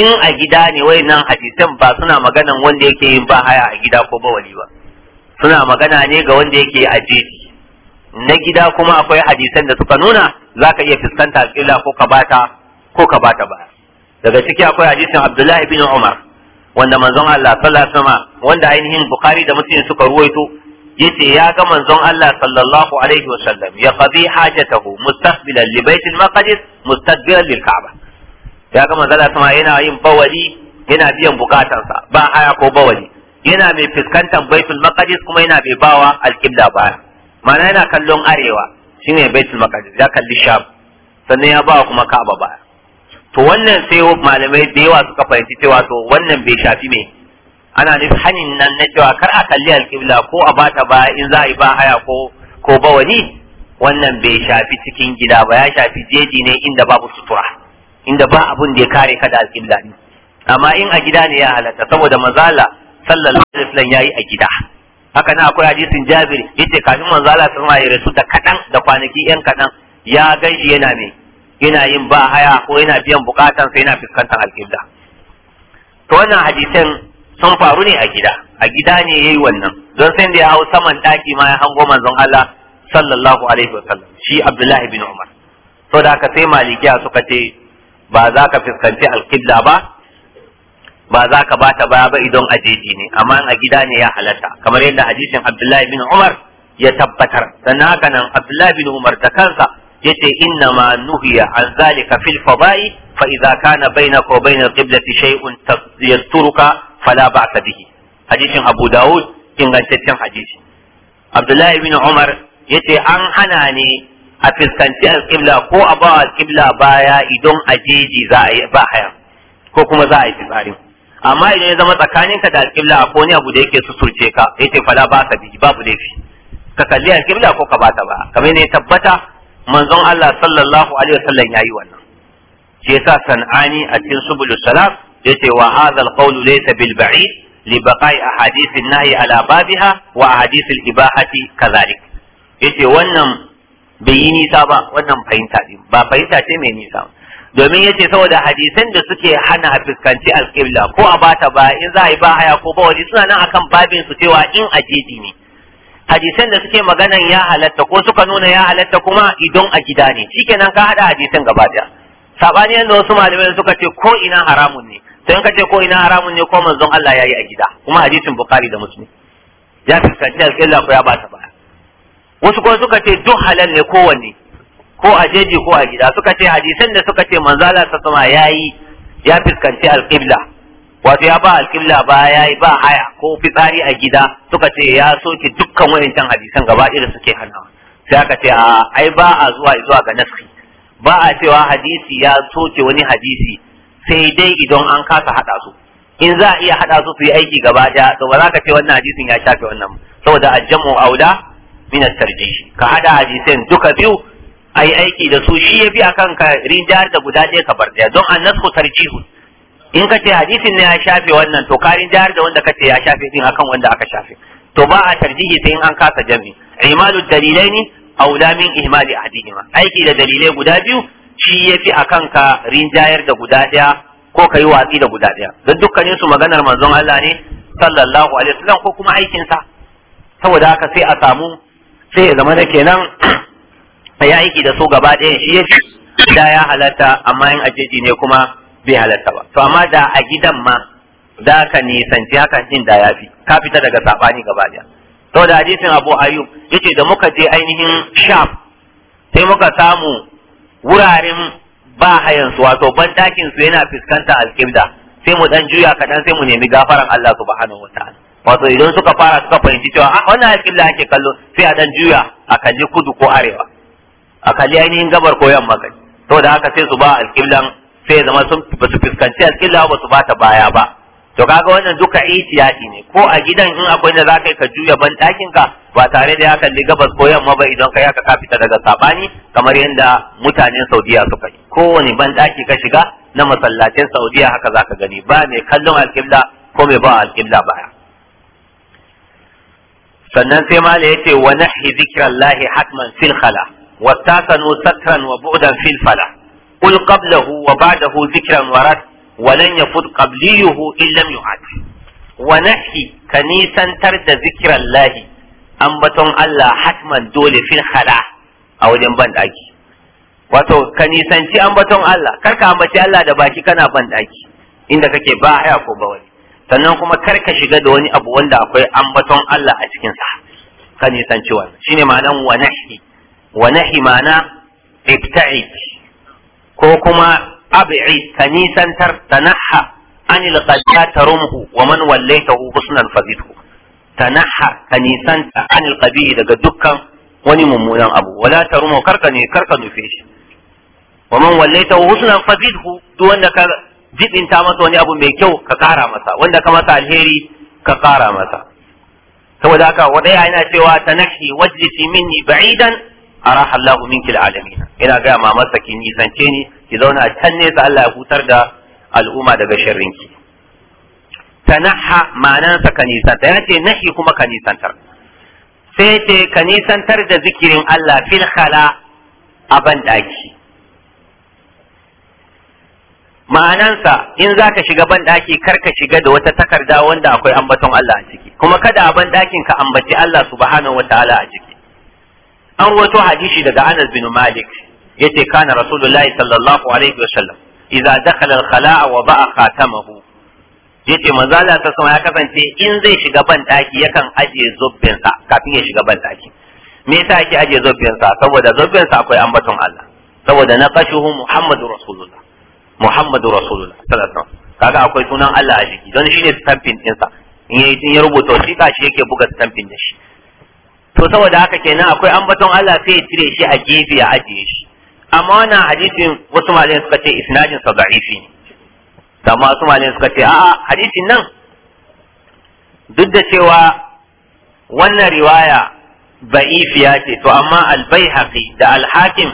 in a gida ne wayannan hadisan ba suna maganan wanda yake yin ba haya a gida ko bawali ba suna magana ne ga wanda yake addini na gida kuma akwai hadisan da suka nuna za ka iya fuskanta kila ko ka bata ko ka bata ba daga ciki akwai hadisin Abdullahi bin Umar wanda manzon Allah sallallahu alaihi wasallam wanda ainihin Bukhari da Muslim suka ruwaito yace ya ga manzon Allah sallallahu alaihi wasallam ya qadi hajatahu mustaqbilan li bait al-maqdis mustaqbilan lil Ka'ba ya ga manzon Allah yana yin bawali yana biyan bukatansa ba haya ko bawali yana mai fuskantar baitul maqdis kuma yana mai bawa alqibla ba ma'ana yana kallon arewa shine baitul maqdis ya kalli sham sannan ya bawa kuma ka'aba baya to wannan sai malamai da yawa suka fahimci cewa to wannan bai shafi me ana nufin hanin nan na cewa kar a kalli alqibla ko a bata baya in za a yi ba haya ko ko bawani wannan bai shafi cikin gida ba ya shafi jeji ne inda babu sutura inda ba abun da ya kare ka da alqibla ne amma in a gida ne ya halatta saboda mazala sallallahu alaihi wasallam yayi a gida haka nan akwai hadisin Jabir yace kafin manzo Allah sallallahu alaihi wasallam da kadan da kwanaki yan kadan ya gaji yana me yana yin ba haya ko yana biyan bukatan sai yana fuskantar alƙibla to wannan hadisan sun faru ne a gida a gida ne yayi wannan don sai da ya hau saman daki ma ya hango manzo Allah sallallahu alaihi wasallam shi Abdullahi bin Umar to da haka sai malikiya suka ce ba za ka fuskanci alƙibla ba ba za ka bata baya ba idan a jeji ne amma a gida ne ya halatta kamar yadda hadisin Abdullahi bin Umar ya tabbatar sannan haka nan Abdullahi bin Umar da kansa yace inna ma nuhiya an zalika fil fada'i fa idza kana bainaka wa bain al-qiblati shay'un yasturuka fala ba'sa bihi hadisin Abu Dawud ingantaccen hadisi Abdullahi bin Umar yace an hana ne a fuskanci al-qibla ko a ba al-qibla baya idan a jeji za a yi ba haya ko kuma za a yi fitsarin amma idan ya zama ka da alƙibla a wani abu da yake suturce ka ce fala ba ka bi babu laifi ka kalli alƙibla ko ka bata ba kamar ne tabbata manzon Allah sallallahu alaihi wasallam yayi wannan shi yasa sanani a cikin subul salam yace wa hadha alqawl laysa bil ba'id li baqa'i ahadith an-nahy ala babiha wa ahadith al-ibahati kadhalik yace wannan bai yi nisa ba wannan fahimta ba fahimta ce mai nisa ba domin yace saboda hadisan da suke hana a fuskanci alƙibla ko a bata ba in za a yi ba haya ko ba wani suna nan akan babin su cewa in jeji ne hadisan da suke maganan ya halatta ko suka nuna ya halatta kuma idon a gida ne shikenan ka hada hadisan gaba ɗaya. Saɓani yanda wasu malamai suka ce ko ina haramun ne sai in ka ce ko ina haramun ne ko manzon Allah yayi a gida kuma hadisin bukhari da muslim ya fuskanci alƙibla ko ya bata ba wasu kuma suka ce duk halal ne kowanne ko a jeji ko a gida suka ce hadisan da suka ce manzala ta sama yayi ya fuskanci alqibla wato ya ba alqibla ba yayi ba haya ko fitsari a gida suka ce ya soke dukkan wayancan hadisan gaba irin suke hannawa sai aka ce a ai ba a zuwa zuwa ga naski ba a cewa hadisi ya soke wani hadisi sai dai idan an kasa hada su in za a iya hada su su yi aiki gaba daya to ba za ka ce wannan hadisin ya shafe wannan saboda aljamu aula min at-tarjih ka hada hadisan duka biyu a yi aiki da su shi ya fi kan ka rinjayar da guda ɗaya ka bar ɗaya don an nasu tarjihu in ka ce hadisin ne ya shafe wannan to ka rinjayar da wanda ka ce ya shafe din akan wanda aka shafe to ba a tarjihi sai in an kasa jami imalu dalilai ne a aula min ihmali hadihima aiki da dalilai guda biyu shi ya fi akan ka rinjayar da guda ɗaya ko ka yi watsi da guda ɗaya don dukkanin su maganar manzon Allah ne sallallahu alaihi wasallam ko kuma aikinsa saboda haka sai a samu sai ya zama da kenan ya aiki da su gaba ɗaya shi ya ci da ya halatta amma in ajeji ne kuma bai halatta ba to amma da a gidan ma da ka nisanci hakan din da ya fi ka fita daga saɓani gaba ɗaya to da hadisin Abu ya ce da muka je ainihin Sham sai muka samu wuraren ba hayan su wato ban su yana fuskanta alƙibda sai mu dan juya kaɗan sai mu nemi gafaran Allah subhanahu wataala wato idan suka fara suka fahimci cewa a ah, wannan alƙibda ake kallo sai a dan juya a kalli kudu ko arewa a kalli ainihin gabar ko yamma kai to da haka sai su ba alƙiblan sai zama sun ba su fuskanci alƙibla ba su bata baya ba to kaga wannan duka ihtiyati ne ko a gidan in akwai da zaka ka juya ban ɗakin ka ba tare da ya kalli gabas ko yamma ba idan kai aka ka fita daga sabani kamar yadda mutanen Saudiya suka yi kowane ban ɗaki ka shiga na masallacin Saudiya haka zaka gani ba mai kallon alƙibla ko mai ba alƙibla baya sannan sai ma ya yace wa nahi zikrallahi hatman fil khala واتاكنوا سكرا وبعدا في الفلاح قل قبله وبعده ذكرا ورد ولن يفد قبليه إن لم يعد ونحي كنيسا ترد ذكر الله أنبتهم الله حتما دول في الخلاء أو جنبان أجي wato ka nisanci ambaton Allah kar ka ambaci Allah da baki kana ban daki inda kake ba haya ko ba wani sannan kuma kar ka shiga da wani abu wanda akwai ambaton Allah a cikin sa ka nisanci wannan shine ma'anan wa nahi ونهي معنى ابتعد كوكما ابعد كنيسا تنحى عن القداة رمه ومن وليته غصنا فزده تنحى كنيسا عن القبيه إذا قدك ونممونا أبو ولا ترمه كركني كركني فيش ومن وليته غصنا فزده دونك جد انت عمت واني أبو ميكو ككارا مسا وانك مسا الهيري ككارا مسا سوى ذاك ودعنا سوى تنحي واجلسي مني بعيدا araha Allahu minki alamin ina ga mamarsa ki nisance ni ki zauna can ne sa Allah ya hutar da al'umma daga sharrinki tanaha ma'anansa ka nisanta ya ce kuma ka nisantar sai nisantar da zikirin Allah fil a ma'anansa in za ka shiga ban kar ka shiga da wata takarda wanda akwai ambaton Allah a ciki kuma kada a ban ka ambaci Allah subhanahu wataala a ciki an wato hadisi daga Anas bin Malik yace kana Rasulullahi sallallahu alaihi wa sallam idza dakhala al-khala'a wa ba'a khatamahu yace manzo Allah ta sama ya kasance in zai shiga ban daki yakan aje zubbin sa kafin ya shiga ban daki me yasa yake aje zubbin sa saboda zubbin sa akwai ambaton Allah saboda na kashuhu Muhammadu Rasulullah Muhammadu Rasulullah sallallahu alaihi wasallam kaga akwai sunan Allah a jiki don shine stamping din sa in yayi ya rubuta wasiƙa shi yake buga stamping da shi to saboda haka kenan akwai ambaton Allah sai ya cire shi a gefe ya ajiye shi amma wannan hadisin wasu malamin suka ce isnadin sa da'ifi amma wasu malamin suka ce a'a hadisin nan duk da cewa wannan riwaya ba'ifiya ce to amma al-baihaqi da al-hakim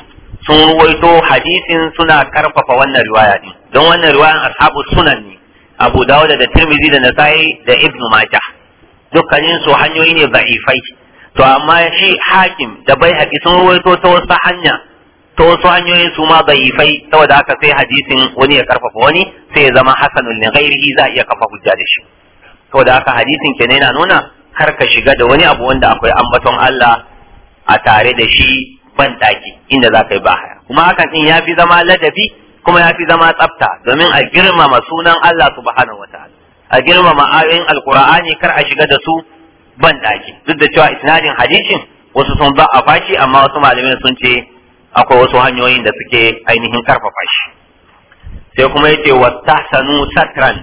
sun ruwaito hadisin suna karfafa wannan riwaya din don wannan riwayan ashabu sunan ne Abu Dawud da Tirmidhi da Nasa'i da Ibnu Majah dukkanin su hanyoyi ne da'ifai to amma shi hakim da bai haƙi sun ruwaito ta wasu hanya ta wasu hanyoyin su ma da'ifai saboda haka sai hadisin wani ya karfafa wani sai ya zama hasanul li ghairihi za iya kafa hujja da shi saboda haka hadisin kenan yana nuna kar ka shiga da wani abu wanda akwai ambaton Allah a tare da shi ban daki inda za ka yi bahaya kuma hakan din ya fi zama ladabi kuma ya fi zama tsafta domin a girmama sunan Allah subhanahu wataala a girmama ayoyin alqur'ani kar a shiga da su ban daki duk da cewa isnadin hadisin wasu sun ba a fashi amma wasu malamai sun ce akwai wasu hanyoyin da suke ainihin karfafa shi sai kuma yace wastahsanu satran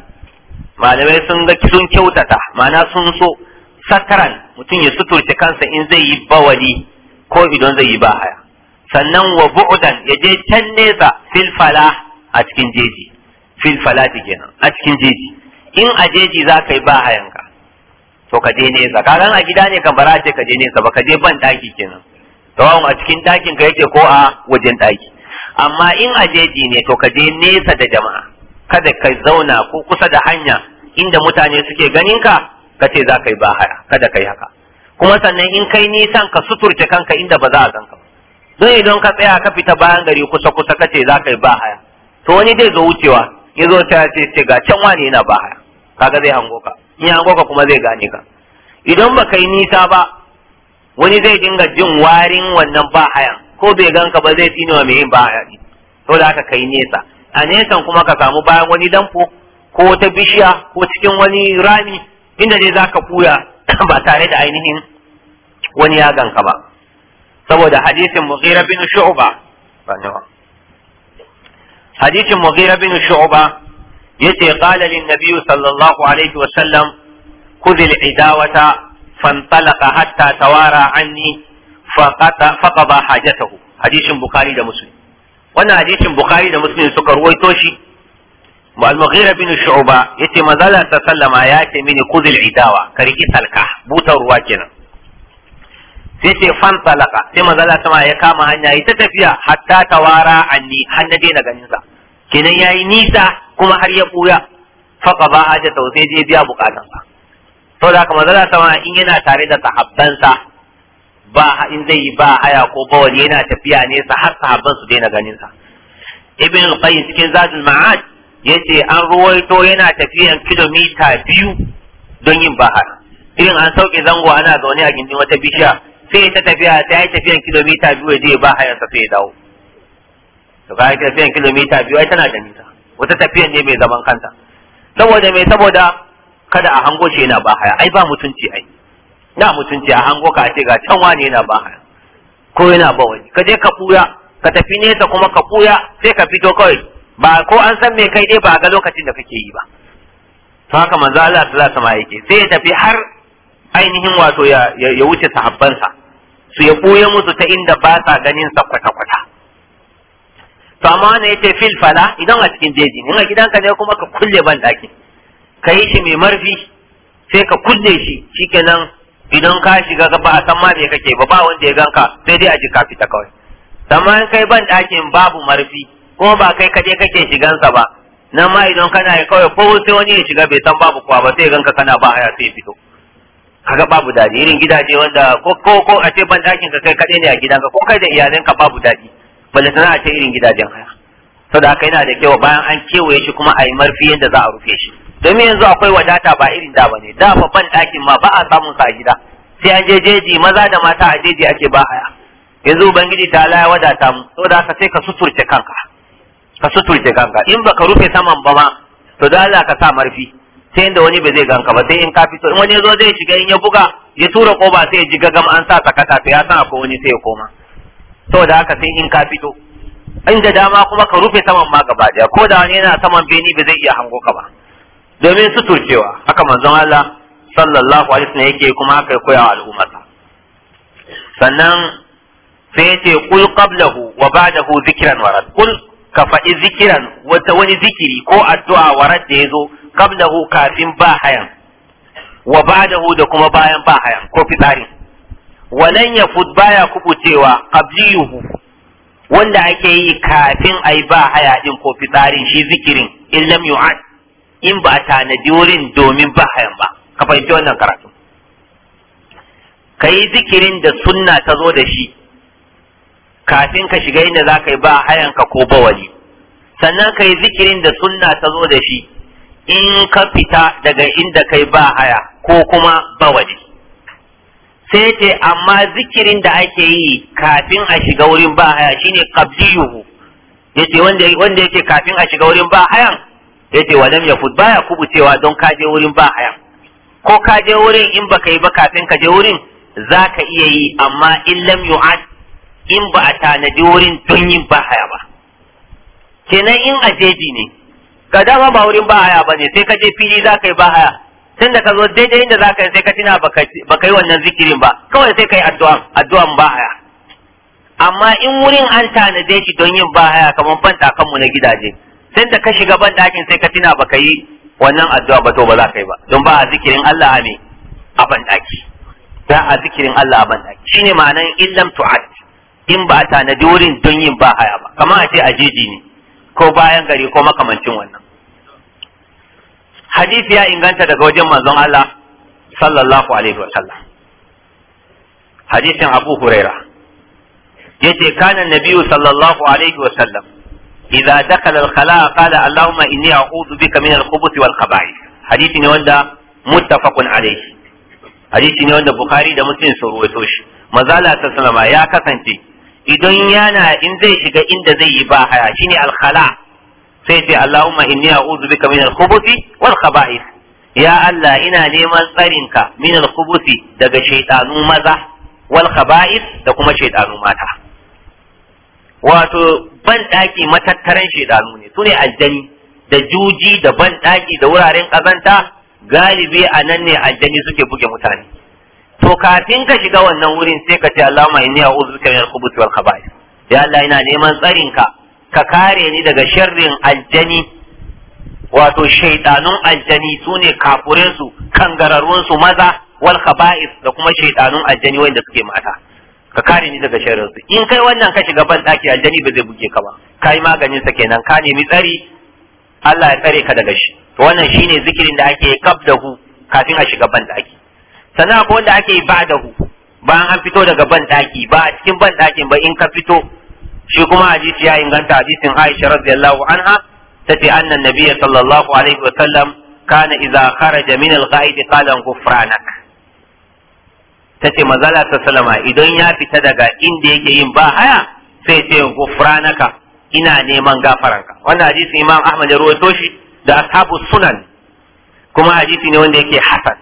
malamai sun ga sun kyautata ma'ana sun so satran mutum ya suturce kansa in zai yi bawali ko idan zai yi bahaya sannan wa bu'dan ya je can nesa fil fala a cikin jeji fil falati kenan a cikin jeji in a jeji za ka yi bahayanka to ka je nesa kagan a gida ne ka bara ce ka je nesa ba ka je ban daki kenan to a cikin dakin ka yake ko a wajen daki amma in a jeji ne to ka je nesa da jama'a kada ka zauna ko kusa da hanya inda mutane suke ganin ka ka ce za ka yi bahaya kada ka yi haka kuma sannan in kai nisan ka suturce kanka inda ba za a ganka ba don idan ka tsaya ka fita bayan gari kusa kusa ka ce za ka yi bahaya to wani zai zo wucewa ya zo ta ce ga can wani yana bahaya kaga zai hango ka in an ka kuma zai gane ka idan ba kai nisa ba wani zai dinga jin warin wannan ba haya ko bai ganka ba zai tsinewa mai yin ba haya to da aka kai nesa a nesan kuma ka samu bayan wani danfo ko ta bishiya ko cikin wani rami inda dai zaka kuya *coughs* ba tare da ainihin wani ya ganka ba saboda hadisin mughira bin shu'ba hadisin mughira bin shu'ba yace qala lin nabiy sallallahu alaihi wa sallam khudh al idawata fantalaqa hatta tawara anni faqata faqada hajatahu hadisin bukhari da muslim wannan hadisin bukhari da muslim suka ruwaito shi al-mughira bin shu'ba yace manzala ta sallama ya ce mini khudh al idawa kariki talka butar ruwa kenan sai ce fan sai manzala ya kama hanya ita tafiya hatta tawara anni har na daina ganin sa kenan yi nisa kuma har ya buya faka ba a ta sai je biya bukatan sa to da kuma zalla sama in yana tare da sahabbansa ba in zai yi ba haya ko wani yana tafiya ne sa har sahabban su daina ganin sa ibn al-qayyim cikin zadul ma'ad yace an ruwaito yana tafiyan kilomita biyu don yin har irin an sauke zango ana zaune a gindin wata bishiya sai ta tafiya ta yi tafiyan kilomita biyu ya je ba haya sa sai ya dawo to kaga tafiyan kilomita biyu ai tana da nisa wata tafiyan ne mai zaman kanta saboda mai saboda kada a hango shi yana ba haya ai ba mutunci ai na mutunci a hango ka ce ga can wani yana ba haya ko yana ba wani ka je ka buya ka tafi nesa kuma ka buya sai ka fito kawai ba ko an san me kai dai ba ga lokacin da kake yi ba to haka manzo Allah sallallahu alaihi wasallam yake sai ya tafi har ainihin wato ya wuce sahabbansa su ya buya musu ta inda ba sa ganin sa kwata-kwata to amma ne yace fil fala idan a cikin jeji in a gidanka ne kuma ka kulle ban daki ka yi shi mai marfi sai ka kulle shi shikenan idan ka shiga ba a san ma me kake ba ba wanda ya ganka sai dai a ji ka fita kawai amma in kai ban dakin babu marfi kuma ba kai kaje kake shigansa ba nan ma idan kana yi kawai ko sai wani ya shiga bai san babu kuwa ba sai ganka kana ba haya sai fito kaga babu daɗi irin gidaje wanda ko ko ko a ce ban dakin ka kai kaɗai ne a gidanka ko kai da ka babu daɗi balle tana ta irin gidajen haya saboda haka yana da kyau bayan an kewaye shi kuma a yi marfi yadda za a rufe shi domin yanzu akwai wadata ba irin da bane da babban ɗakin ma ba a samun sa a gida sai an je jeji maza da mata a jeji ake ba haya yanzu ubangiji ta ya wadata mu saboda haka sai ka suturce kanka ka suturce kanka in ba ka rufe saman ba ma to da Allah ka sa marfi sai inda wani ba zai ganka ba sai in ka fito in wani zo zai shiga in ya buga ya tura ko ba sai ya ji gagam an sa sakata sai ya san akwai wani sai ya koma saboda haka sai in ka fito in da dama kuma ka rufe saman ma gaba daya ko da wani yana saman beni ba zai iya hango ka ba domin suturcewa haka manzon Allah sallallahu alaihi wasallam yake kuma haka koya wa al'ummata sannan sai yace kul qablahu wa ba'dahu zikran warad kul ka faɗi zikiran wata wani zikiri ko addu'a warad da yazo qablahu kafin ba hayan wa ba'dahu da kuma bayan ba hayan ko fitari walan ya fud baya kubucewa qabliyuhu wanda ake yi kafin ai ba haya din ko fitsarin shi zikirin in lam yu'ad in ba tanadi wurin domin ba hayan ba ka fahimci wannan karatu kai zikirin da sunna ta zo da shi kafin ka shiga inda za ka yi ba hayan ka ko bawali sannan ka yi zikirin da sunna ta zo da shi in ka fita daga inda kai ba haya ko kuma bawali sai ce amma zikirin da ake yi kafin a shiga wurin ba haya shine qabdiyuhu yace wanda wanda yake kafin a shiga wurin ba hayan yace walam yafud baya cewa don ka je wurin ba hayan ko ka je wurin in baka yi ba kafin ka je wurin zaka iya yi amma in lam yu'ad in ba a tanadi wurin don yin ba haya ba kenan in a jeji ne ka dama ba wurin ba haya bane sai ka je fili zaka yi ba haya tun da ka zo daidai inda za ka yi sai ka tuna ba ka yi wannan zikirin ba kawai sai ka yi addu'an addu'an ba haya amma in wurin an tanade shi don yin ba haya kamar fanta kanmu na gidaje tun da ka shiga ban ɗakin sai ka tuna ba ka yi wannan addu'a ba to ba za ka yi ba don ba a zikirin Allah ne a ban ɗaki ba a zikirin Allah a ban ɗaki shine ma'anan illam tu'ad in ba a tanadi wurin don yin ba haya ba kamar a ce a jeji ne ko bayan gari ko makamancin wannan hadisi ya inganta daga wajen manzon Allah sallallahu alaihi wa sallam hadisin Abu Huraira yace kana nabiyyu sallallahu alaihi wa sallam idza dakala al-khala qala allahumma inni a'udhu bika min al-khubuthi wal khaba'ith hadisi ne wanda muttafaqun alaihi hadisi ne wanda Bukhari da Muslim sun ruwaito shi manzala ta ya kasance idan yana in zai shiga inda zai yi ba haya shine al-khala' sai ce Allahumma inni a'udhu bika min al-khubuthi wal khaba'ith ya Allah ina neman tsarinka min al-khubuthi daga shaytanu maza wal khaba'ith da kuma shaytanu mata wato ban daki matattaran shaytanu ne sune aljani da juji da ban daki da wuraren kazanta galibi a nan ne aljani suke buge mutane to kafin ka shiga wannan wurin sai ka ce Allahumma inni a'udhu bika min al-khubuthi wal khaba'ith ya Allah ina neman tsarinka ka kare ni daga sharrin aljani wato shaidanun aljani su ne kafurensu kan maza wal khaba'is da kuma shaidanun aljani wanda suke mata ka kare ni daga sharrin su in kai wannan ka shiga ban daki aljani ba zai buge ka ba kai maganin sa kenan ka nemi tsari Allah ya tsare ka daga shi to wannan shine zikirin da ake dahu kafin a shiga ban daki sannan akwai wanda ake dahu bayan an fito daga ban daki ba a cikin ban dakin ba in ka fito shi kuma hadisi ya inganta hadisin Aisha radiyallahu anha tace annan nabiyya sallallahu alaihi wa sallam kana idza kharaja min al ghaid qala ghufranak tace mazala ta salama idan ya fita daga inda yake yin ba haya sai ce ghufranaka ina neman gafaranka wannan hadisi Imam Ahmad ya rawaito shi da ashabu sunan kuma hadisi ne wanda yake hasan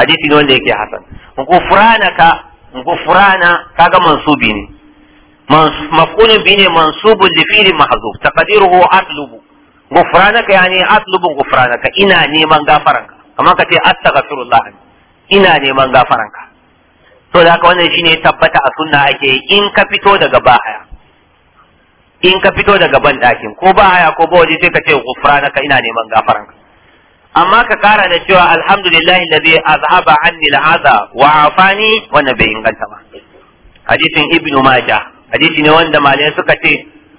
hadisi ne wanda yake hasan ghufranaka ghufrana kaga mansubi ne مفعول به منصوب لفعل محذوف تقديره اطلب غفرانك يعني اطلب غفرانك انا نيمان غفرانك كما كتي استغفر الله ina neman gafaranka to da haka wannan shine tabbata a sunna ake in ka fito daga bahaya in ka fito daga ban ɗakin ko bahaya ko ba waje sai ka ce gufranaka ina neman gafaranka amma ka kara da cewa alhamdulillahi alladhi azhaba anni al'aza wa afani wannan bai inganta ba hadisin ibnu majah hadisi ne wanda malai suka ce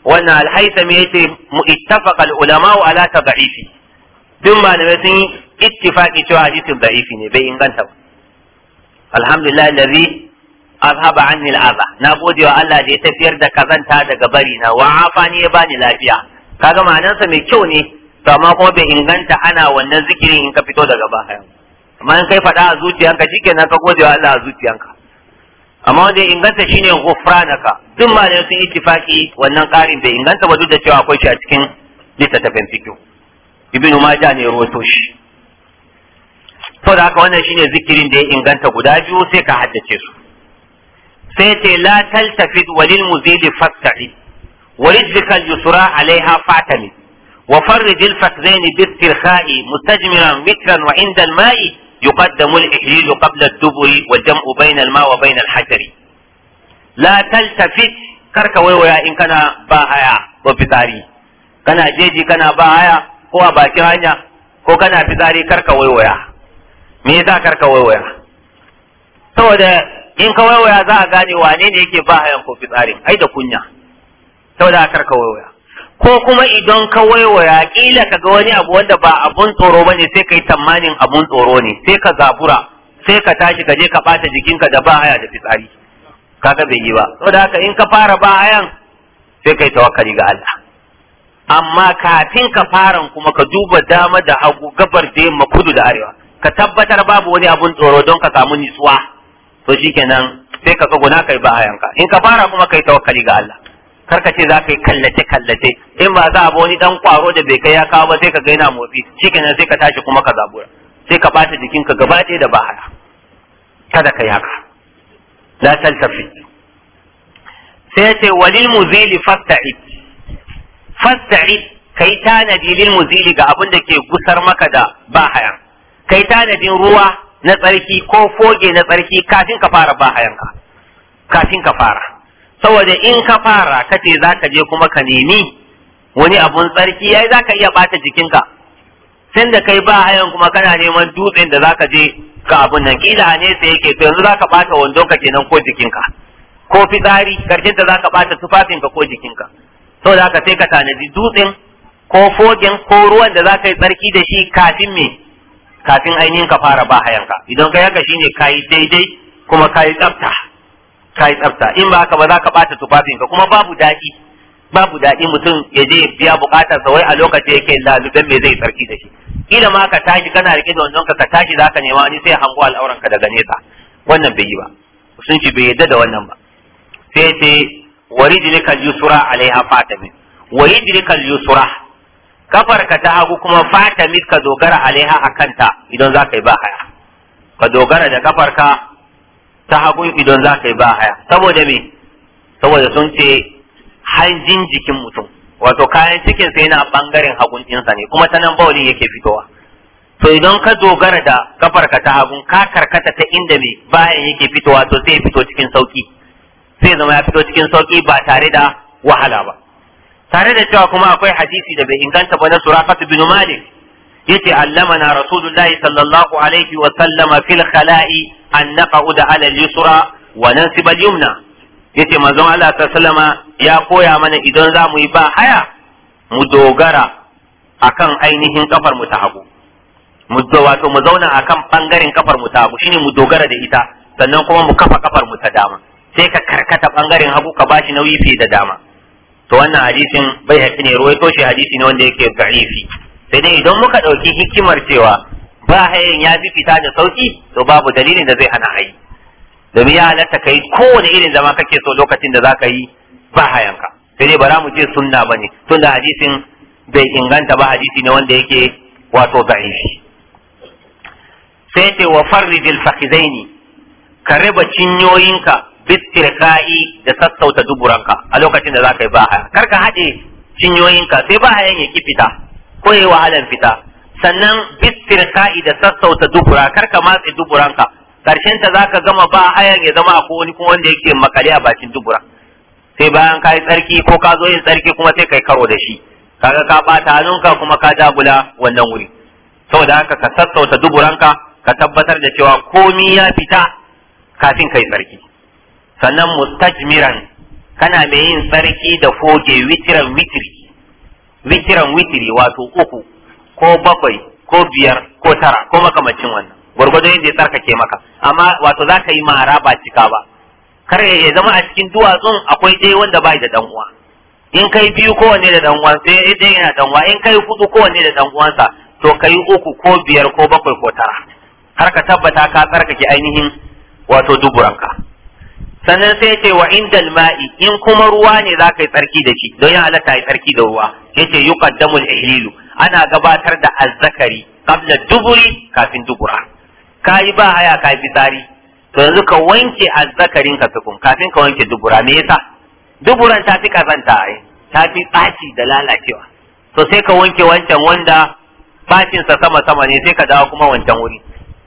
wannan alhaisami yace muittafaqal ulama'u ala tad'ifi duk malamai sun yi ittifaqi cewa hadisin da'ifi ne bai inganta ba alhamdulillah alladhi azhaba anni al'aza na gode wa Allah da ya tafiyar da kazanta daga bari na wa afani ya bani lafiya kaga ma'anarsa mai kyau ne to amma kuma bai inganta ana wannan zikirin in ka fito daga baya amma in kai faɗa a zuciyanka shikenan ka gode wa Allah a zuciyanka amma wanda ya inganta shine ghufranaka duk malamai sun ittifaki wannan ƙarin bai inganta ba duk da cewa akwai shi a cikin littattafin fiqh ibnu majah ne rawaito shi saboda haka wannan shine zikirin da ya inganta guda biyu sai ka haddace su sai ce la taltafid walil muzidi fasta'i warijlika yusra alaiha fatami وفرج الفخذين باسترخاء مستجمرا وترا وعند الماء يقدم الإحليل قبل الدبر والجمع بين الماء وبين الحجر لا تلتفت karka waiwaya in kana ba haya ko fitsari kana jeji kana ba haya ko a bakin hanya ko kana fitsari karka waiwaya me yasa karka waiwaya saboda in ka waiwaya za gane wane ne yake ba hayan ko fitsarin ai da kunya waiwaya ko kuma idan ka waiwaya kila kaga wani abu wanda ba abun tsoro bane sai kai tamanin abun tsoro ne sai ka zabura sai ka tashi ka je ka bata jikinka da ba haya da fitsari kaga bai yi ba saboda haka in ka fara ba hayan sai kai tawakkali ga Allah amma kafin ka fara kuma ka duba dama da hagu gabar da yamma kudu da arewa ka tabbatar babu wani abun tsoro don ka samu nitsuwa to shikenan sai ka tsoguna kai ba hayanka in ka fara kuma kai tawakkali ga Allah karka ce za ka yi kallace kallace in ba za a wani dan kwaro da bai kai ya kawo ba sai ka gaina yana motsi shikenan sai ka tashi kuma ka zabura sai ka bata jikinka gaba ɗaya da bahaya kada ka yaka la taltafi sai ce walil muzili fasta'id fasta'id kai tanadi lil muzili ga abin da ke gusar maka da bahaya kai tanadin ruwa na tsarki ko foge na tsarki kafin ka fara bahayanka kafin ka fara saboda in ka fara kace za ka je kuma ka nemi wani abun tsarki yayi za ka iya ɓata jikinka sai da kai ba hayan kuma kana neman dutsen da za ka je ka abun nan kila a nesa yake to yanzu za ka wandon ka kenan ko jikinka ko fitsari karshen da za ka ɓata tufafinka ko jikinka saboda haka sai ka tanadi dutsen ko fogen ko ruwan da za ka yi tsarki da shi kafin me kafin ainihin ka fara ba hayanka idan ka yaka shine ka daidai kuma ka tsafta ka yi tsafta in ba haka ba za ka bata tufafin ka kuma babu daɗi babu daɗi mutum ya je biya sa wai a lokacin yake laluben me zai tsarki da shi kila ma ka tashi kana rike da wannan ka tashi za ka nema wani sai hango al'auran ka daga nesa wannan bai yi ba sun ci bai yadda da wannan ba sai ce warijlikal yusra alaiha fatami warijlikal kafar kafarka ta hagu kuma fatami ka dogara alaiha akanta idan za ka yi ba haya ka dogara da kafar ka. ta hagu idon za ka yi ba haya saboda me saboda sun ce hanjin jikin mutum wato kayan cikin sai na bangaren hagun dinsa ne kuma ta nan bawalin yake fitowa to idan ka dogara da kafarka ta hagun ka karkata ta inda me bayan yake fitowa to sai fito cikin sauki sai zama ya fito cikin sauki ba tare da wahala ba tare da cewa kuma akwai hadisi da bai inganta ba na surafatu bin malik yace na rasulullahi sallallahu alaihi wa sallama fil khala'i an naqud ala al-yusra wa nasib al-yumna yace manzon Allah sallama ya koya mana idan za mu yi ba haya mu dogara akan ainihin kafar mu ta hagu mu wato mu zauna akan bangaren kafar mu ta hagu shine mu dogara da ita sannan kuma mu kafa kafar mu ta dama sai ka karkata bangaren hagu ka bashi nauyi fiye da dama to wannan hadisin bai hafi ne ruwaito shi hadisi ne wanda yake da'ifi sai dai idan muka ɗauki hikimar cewa ba hayan ya fi fita da sauki to babu dalilin da zai hana yi domin ya halatta kai kowane irin zama kake so lokacin da za ka yi ba hayanka sai dai bara mu ce sunna bane tunda hadisin bai inganta ba hadisi ne wanda yake wato shi sai ce wa farrijil fakizaini ka raba cinyoyinka kai da sassauta duburanka a lokacin da za ka yi ba haya kar ka haɗe cinyoyinka sai ba hayan ya fita. ko wahalar wahalan fita sannan ka'i da sassauta dubura kar ka matse duburanka karshen ta zaka gama ba hayan ya zama akwai wani kuma wanda yake makale a bakin dubura sai bayan kai tsarki ko ka zo yin tsarki kuma sai kai karo da shi kaga ka bata hannunka kuma ka dagula wannan wuri saboda haka ka sassauta duburanka ka tabbatar da cewa komi ya fita kafin kai tsarki sannan mustajmiran kana mai yin tsarki da foge witiran witiri witiran witiri wato uku ko bakwai ko biyar ko tara ko makamacin wannan gwargwado yadda ya tsarkake maka amma wato za ka yi mara ba cika ba kar ya zama a cikin duwatsun akwai ɗaya wanda bai da dan uwa in kai biyu kowanne da dan uwan sai ɗaya yana dan uwa in kai hudu kowanne da dan uwansa to kai uku ko biyar ko bakwai ko tara har ka tabbata ka tsarkake ainihin wato duburanka sannan sai ce wa inda ma'i in kuma ruwa ne za ka yi tsarki da shi don ya halatta yi tsarki da ruwa ya ce yi kaddamul ihlilu ana gabatar da azzakari kabla duburi kafin dubura ka yi ba haya ka yi tsari to yanzu ka wanke azzakarin ka tukun kafin ka wanke dubura me yasa duburan ta fi kazanta ai ta fi tsaci da lalacewa to sai ka wanke wancan wanda bacinsa sama sama ne sai ka dawo kuma wancan wuri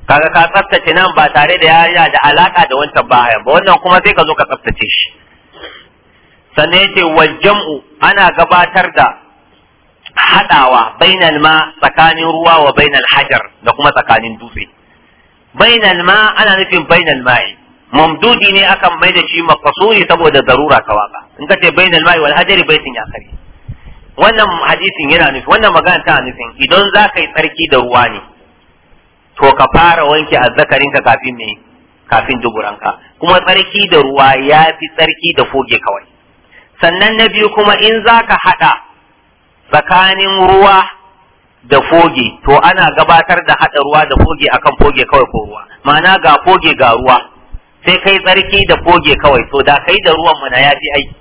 kaga ka tsaftace nan ba tare da yaya da alaka da wancan baya ba wannan kuma sai ka zo ka tsaftace shi sannan yace wal jam'u ana gabatar da hadawa bainal ma tsakanin ruwa wa bainal hajar da kuma tsakanin dutse bainal ma ana nufin bainal ma'i mamdudi ne akan mai da shi mafasuri saboda darura ka waka in ka ce bainal ma'i wal hajari baitin ya kare wannan hadisin yana nufi wannan magana ta nufin idan za ka yi tsarki da ruwa ne to ka fara wanke azzakarinka kafin me kafin duburanka kuma tsarki da ruwa ya fi tsarki da foge kawai sannan na biyu kuma in za ka haɗa tsakanin ruwa da foge to ana gabatar da haɗa ruwa da foge akan foge kawai ko ruwa ma'ana ga foge ga ruwa sai kai tsarki da foge kawai to da kai da ruwan mana ya fi aiki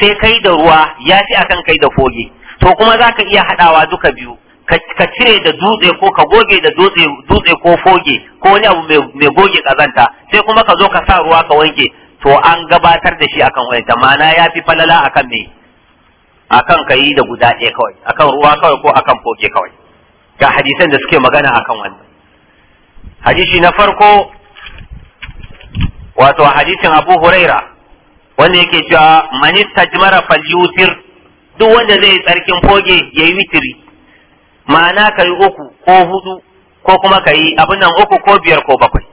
sai kai da ruwa ya fi akan kai da foge to kuma za ka iya haɗawa duka biyu ka cire da dutse ko ka goge da dutse dutse ko foge ko wani abu mai goge kazanta sai kuma ka zo ka sa ruwa ka wanke to an gabatar da shi akan wayanta ma'ana ya fi falala akan me akan ka yi da guda ɗaya kawai akan ruwa kawai ko akan foge kawai ga hadisan da suke magana akan wannan hadisi na farko wato hadisin Abu Huraira wanda yake cewa man istajmara falyutir duk wanda zai tsarkin foge yayi witiri ma'ana ka yi uku ko hudu ko kuma ka yi abin nan uku ko biyar ko bakwai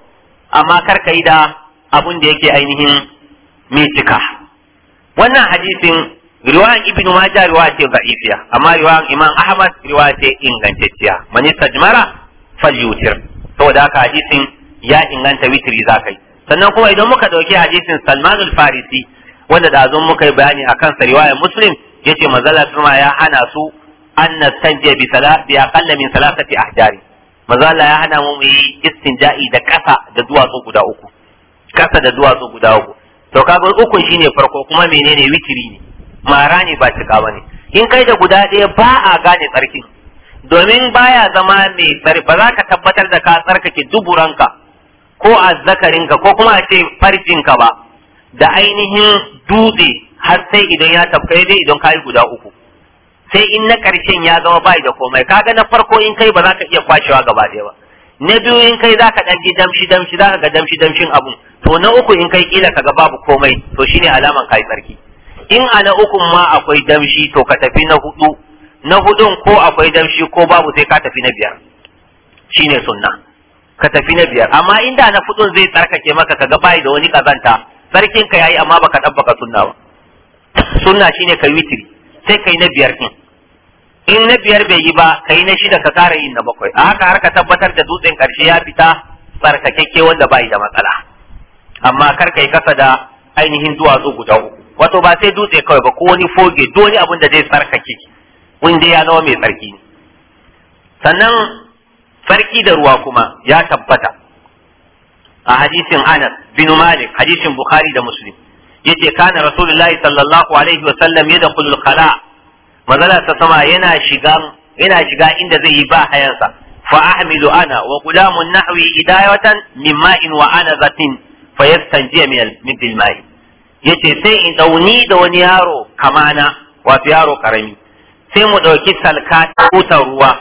amma kar ka yi da abin da yake ainihin mitika wannan hadisin riwayan ibnu majah riwaya ce da'ifiya amma riwayan imam ahmad riwaya ce ingantacciya man yastajmara falyutir saboda haka hadisin ya inganta witri zaka yi sannan kuma idan muka dauki hadisin salman al-farisi wanda da muka yi bayani akan sa riwayar muslim yace manzala suma ya hana su an nastanjiya bi salat bi min salasati ahjari maza Allah ya hana mu mu yi istinja'i da kasa da duwatsu guda uku kasa da duwatsu guda uku to kaga uku shine farko kuma menene witiri ne Marani ne ba cika bane in kai da guda ɗaya ba a gane tsarkin domin baya zama mai tsari ba za ka tabbatar da ka tsarkake duburanka ko azzakarinka ko kuma a ce farjinka ba da ainihin dutse har sai idan ya tafkai dai idan kayi guda uku sai in na ƙarshen ya zama bai da komai kaga na farko in kai ba za ka iya kwashewa gaba ɗaya ba na biyu in kai za ka ɗan ji damshi damshi za ka ga damshi damshin abun to na uku in kai kila ka ga babu komai to shine alaman kai tsarki in a na ukun ma akwai damshi to ka tafi na hudu na hudun ko akwai damshi ko babu sai ka tafi na biyar shine sunna ka tafi na biyar amma inda na hudun zai tsarkake maka ka ga bai da wani kazanta tsarkin ka yayi amma baka dabbaka sunna ba sunna shine ka witiri sai kai na biyar din in na biyar bai yi ba kai na shida ka kara yin na bakwai a haka har ka tabbatar da dutsen karshe ya fita barkakekke wanda bai da matsala amma kar kai kasa da ainihin duwatsu guda uku wato ba sai dutse kawai ba ko wani foge wani abun da zai tsarkake wanda ya zama mai tsarki ne sannan sarki da ruwa kuma ya tabbata a hadisin Anas bin Malik hadisin Bukhari da Muslim yace kana rasulullahi sallallahu alaihi wa sallam yadkhulu al manzala ta sama yana shiga yana shiga inda zai yi ba hayansa fa ahmilu ana wa gulamun nahwi idayatan min ma'in wa anazatin fayastanjiya min al-ma'i yace sai in dauni da wani yaro kamana wato yaro karami sai mu dauki salka tutar ruwa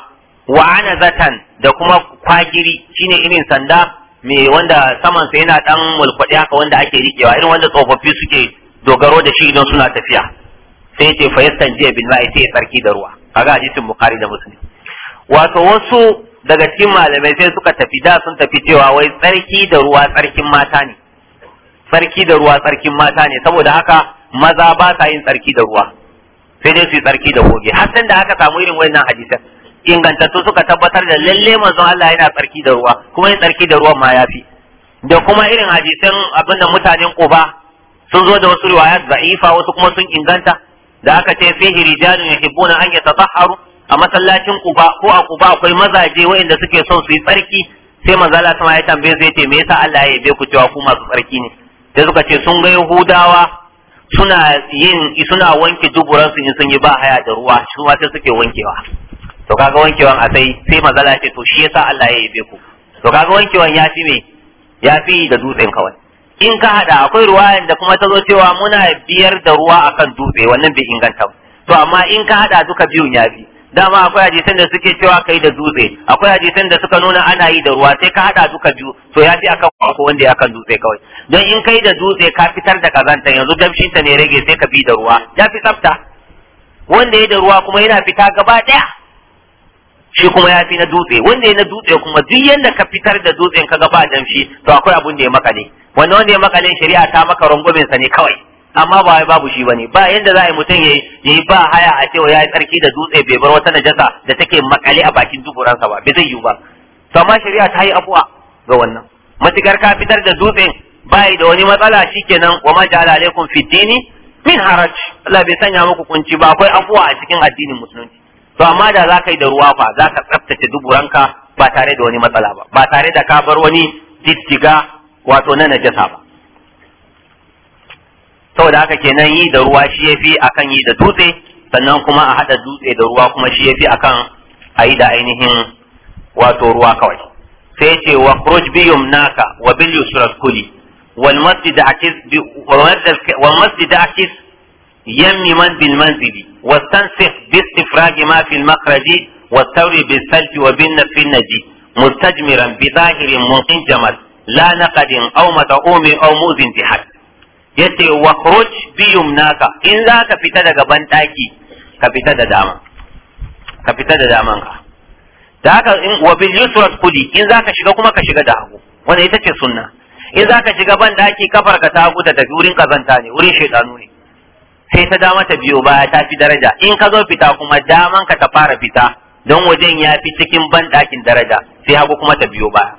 wa zatan da kuma kwagiri shine irin sanda me wanda saman sa yana dan mulkwadi haka wanda ake rikewa irin wanda tsofaffi suke dogaro da shi idan suna tafiya sai ce fa je bin ma'i sai tsarki da ruwa kaga hadisin bukhari da muslim wato wasu daga cikin malamai sai suka tafi da sun tafi cewa wai tsarki da ruwa tsarkin mata ne tsarki da ruwa tsarkin mata ne saboda haka maza ba sa yin tsarki da ruwa sai dai su yi tsarki da goge har da aka samu irin wannan hadisin ingantattu suka tabbatar da lalle manzon Allah yana tsarki da ruwa kuma yin tsarki da ruwan ma yafi da kuma irin hadisan abin da mutanen Quba sun zo da wasu riwaya za'ifa wasu kuma sun inganta da aka ce fihi rijalun yuhibbuna an yatatahharu a masallacin Quba ko a Quba akwai mazaje waɗanda suke son su yi tsarki sai manzo Allah ya tambaye zai ce me yasa Allah ya yabe ku cewa ku masu tsarki ne sai suka ce sun ga Yahudawa suna yin suna wanke duburansu in sun yi ba haya da ruwa su ma sai suke wankewa to kaga wankewan a sai sai mazala ce to shi yasa Allah ya yabe ku to kaga wankewan ya fi me ya fi da dutsen kawai in ka hada akwai ruwayan da kuma ta zo cewa muna biyar da ruwa akan dutse wannan bai inganta to amma in ka hada duka biyun ya fi dama akwai hadisan da suke cewa kai da dutse akwai hadisan da suka nuna ana yi da ruwa sai ka hada duka biyu to ya fi akan ko wanda ya kan dutse kawai don in kai da dutse ka fitar da kazanta yanzu damshin ta ne rage sai ka bi da ruwa ya fi tsafta wanda ya da ruwa kuma yana fita gaba daya shi kuma ya fi na dutse wanda ya na dutse kuma duk yadda ka fitar da dutse ka gaba damshi to akwai abun da ya makale wannan wanda ya makale shari'a ta maka rungumin sa ne kawai amma ba wai babu shi bane ba yanda za a yi mutum ya yi ba haya a cewa ya yi tsarki da dutse bai bar wata najasa da take makale a bakin duburansa ba bai zai yiwu ba to amma shari'a ta yi afuwa ga wannan matukar ka fitar da dutsen bai da wani matsala shikenan wa ma ja'ala alaikum fid dini min haraj Allah bai sanya muku kunci ba akwai afuwa a cikin addinin musulunci to amma da za ka yi da ruwa fa za ka tsaftace duburanka ba tare da wani matsala ba ba tare da ka bar wani jijjiga wato na najasa ba saboda haka kenan yi da ruwa shi yafi akan yi da dutse sannan kuma a hada dutse da ruwa kuma shi yafi akan a yi da ainihin wato ruwa kawai sai ce wa khruj bi yumnaka wa bil yusra kulli wal masjid akis wal masjid akis yammi man bil manzili واستنسخ باستفراج ما في المخرج والثور بالثلج وبن في النجي مستجمرا بظاهر ممكن جمل لا نقد او متؤوم او موز انتحاد يسي وخرج بيمناك ان لا كفتد قبان تاكي كفتد داما كفتد داما تاكا وباليسرة قلي ان ذاك شغكما كشغ داهو وانا يتكي سنة ان ذاك شغبان تاكي كفر كتاكو تتكي ورين قبان تاني ورين شيطانوني sai ta dama ta biyo baya ta fi daraja in ka zo fita kuma daman ka ta fara fita don wajen ya fi cikin banɗakin daraja sai hagu kuma ta biyo baya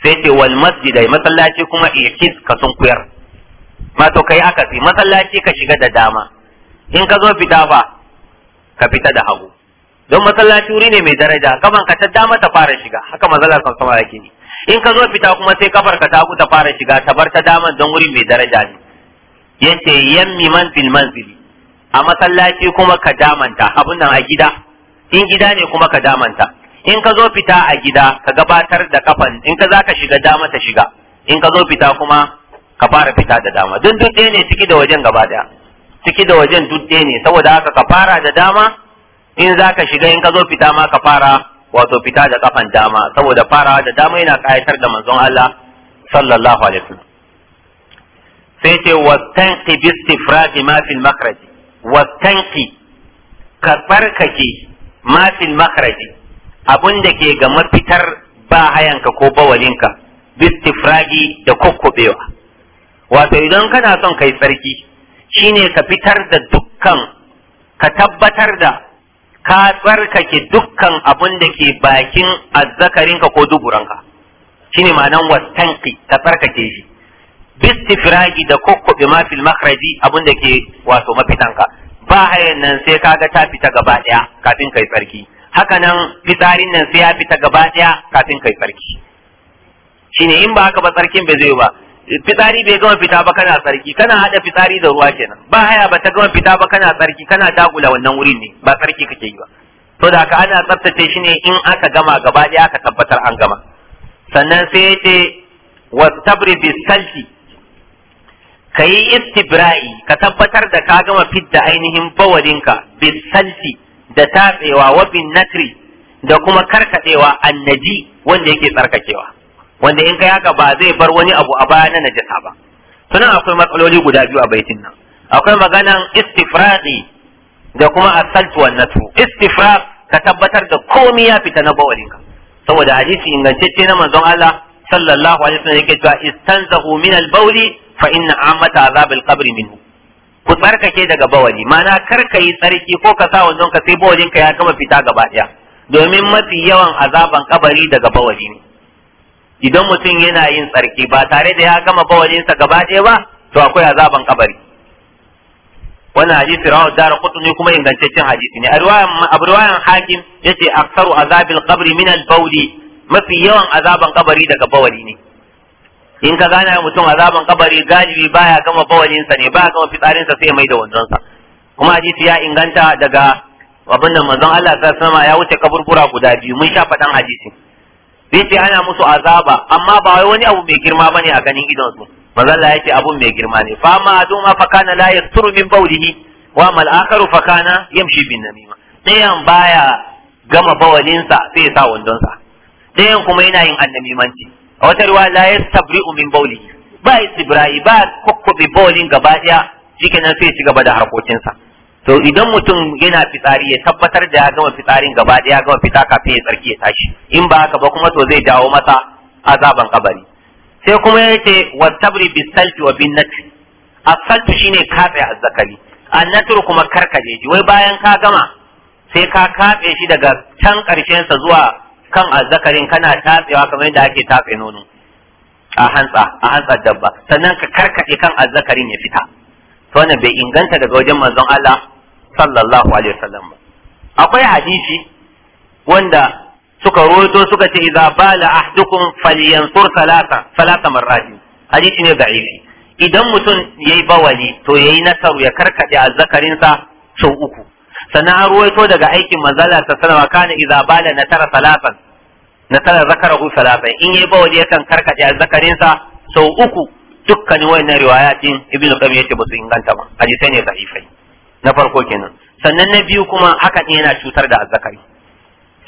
sai ce wal masjidai masallaci kuma ikis ka sun kuyar ma to kai aka fi masallaci ka shiga da dama in ka zo fita fa ka fita da hagu don masallaci wuri ne mai daraja kaman ka ta dama ta fara shiga haka mazalar kan sama yake ne in ka zo fita kuma sai kafar ka ta hagu ta fara shiga ta bar ta dama don wuri mai daraja ne yace yammi fil manzili a masallaci kuma ka damanta abun nan a gida in gida ne kuma ka damanta in ka zo fita a gida ka gabatar da kafan in ka zaka shiga dama ta shiga in ka zo fita kuma ka fara fita da dama duk duk ne ciki da wajen gaba daya ciki da wajen duk ɗaya ne saboda haka ka fara da dama in zaka shiga in ka zo fita ma ka fara wato fita da kafan dama saboda farawa da dama yana kayatar da manzon Allah sallallahu alaihi wasallam sai ce wastanqi bi istifradi ma fil makhraj wastanqi ka barkake ma fil makhraj abun da ke ga mafitar ba hayanka ko bawalinka bi istifradi da kokkobewa wato idan kana son kai sarki shine ka fitar da dukkan ka tabbatar da ka tsarkake dukkan abun da ke bakin azzakarinka ko duburanka shine ma'anan wastanqi ka tsarkake shi bistifiragi da kokkobe ma fil makhraji abin da ke wato mafitanka ba hayan nan sai kaga ta fita gaba daya kafin kai farki haka nan fitsarin nan sai ya fita gaba daya kafin kai sarki shine in ba haka ba sarkin bai zai ba fitsari bai gama fita ba kana sarki kana hada fitsari da ruwa kenan ba haya ba ta gama fita ba kana sarki kana dagula wannan wurin ne ba sarki kake yi ba to da haka ana tsaftace shi ne in aka gama gaba daya aka tabbatar an gama sannan sai ya ce wastabri bisalti ka yi istibra'i ka tabbatar da ka gama fidda ainihin bawalinka bisalti da tatsewa wa bin nakri da kuma karkatsewa annaji wanda yake tsarkakewa wanda in kai haka ba zai bar wani abu a baya na najasa ba sunan akwai matsaloli guda biyu a baitin nan akwai maganan istifraqi da kuma asalt wa natru istifraq ka tabbatar da komai ya fita na bawalinka saboda hadisi ingantacce na manzon Allah sallallahu alaihi wasallam yake cewa istanzahu min al-bawli fa inna amata azabil qabri minhu ku tsarkake daga bawali mana kar ka yi tsarki ko ka sa wajen ka sai bawalin ka ya gama fita gaba daya domin mafi yawan azaban kabari daga bawali ne idan mutum yana yin tsarki ba tare da ya gama sa gaba daya ba to akwai azaban kabari wannan hadisi rawu dar qutni kuma ingantaccen hadisi ne a riwayan a riwayan hakim yace aksaru azabil qabri min al bawli mafi yawan azaban kabari daga bawali ne in ka gane mutum azaban kabari galibi baya gama bawalinsa ne baya gama fitsarinsa sai mai da wanzansa kuma hadisi ya inganta daga abin da manzon Allah ta sama ya wuce kaburbura guda biyu mun sha faɗan hadisi zai ce ana musu azaba amma ba wai wani abu mai girma bane a ganin idonsu manzon Allah ya ce abun mai girma ne fa ma aduma fa kana la yasturu min bawlihi wa mal akharu fa kana yamshi bin namima dayan baya gama bawalinsa sai ya sa wandonsa dayan kuma yana yin annabimanci a wata ruwa la ya tabri umin bauli ba tsibirai ba kokkobe bawlin gaba daya nan sai ya ci gaba da harkokinsa to idan mutum yana fitsari ya tabbatar da ya gama fitsarin gaba ya gama fita kafin ya tsarki ya tashi in ba haka ba kuma to zai dawo masa azaban kabari sai kuma ya ce wa tabri bi salti wa bin natri asaltu shine katse azzakari annatru kuma karkaje ji. wai bayan ka gama sai ka katse shi daga can karshen sa zuwa kan azzakarin kana tatsewa kamar yadda ake tatse nono a hantsa a hantsa dabba sannan ka karkaɗe kan azzakarin ya fita to wannan bai inganta daga wajen manzon Allah sallallahu alaihi wasallam ba akwai hadisi wanda suka roto suka ce idza bala ahdukum falyansur salata salata marrati hadisi ne da'ifi idan mutum yayi bawali to yayi nasaru ya karkade azzakarin sa sau uku sannan an ruwaito daga aikin manzala ta sanawa kana idza bala natara salatan na tana zakarahu salafai in yayi bawali yakan karkace Zakarinsa sau uku dukkanin wani na wannan riwayatin ibn qayyim yace ba su inganta ba hadisai ne sahifai na farko kenan sannan na biyu kuma haka ne yana cutar da azzakari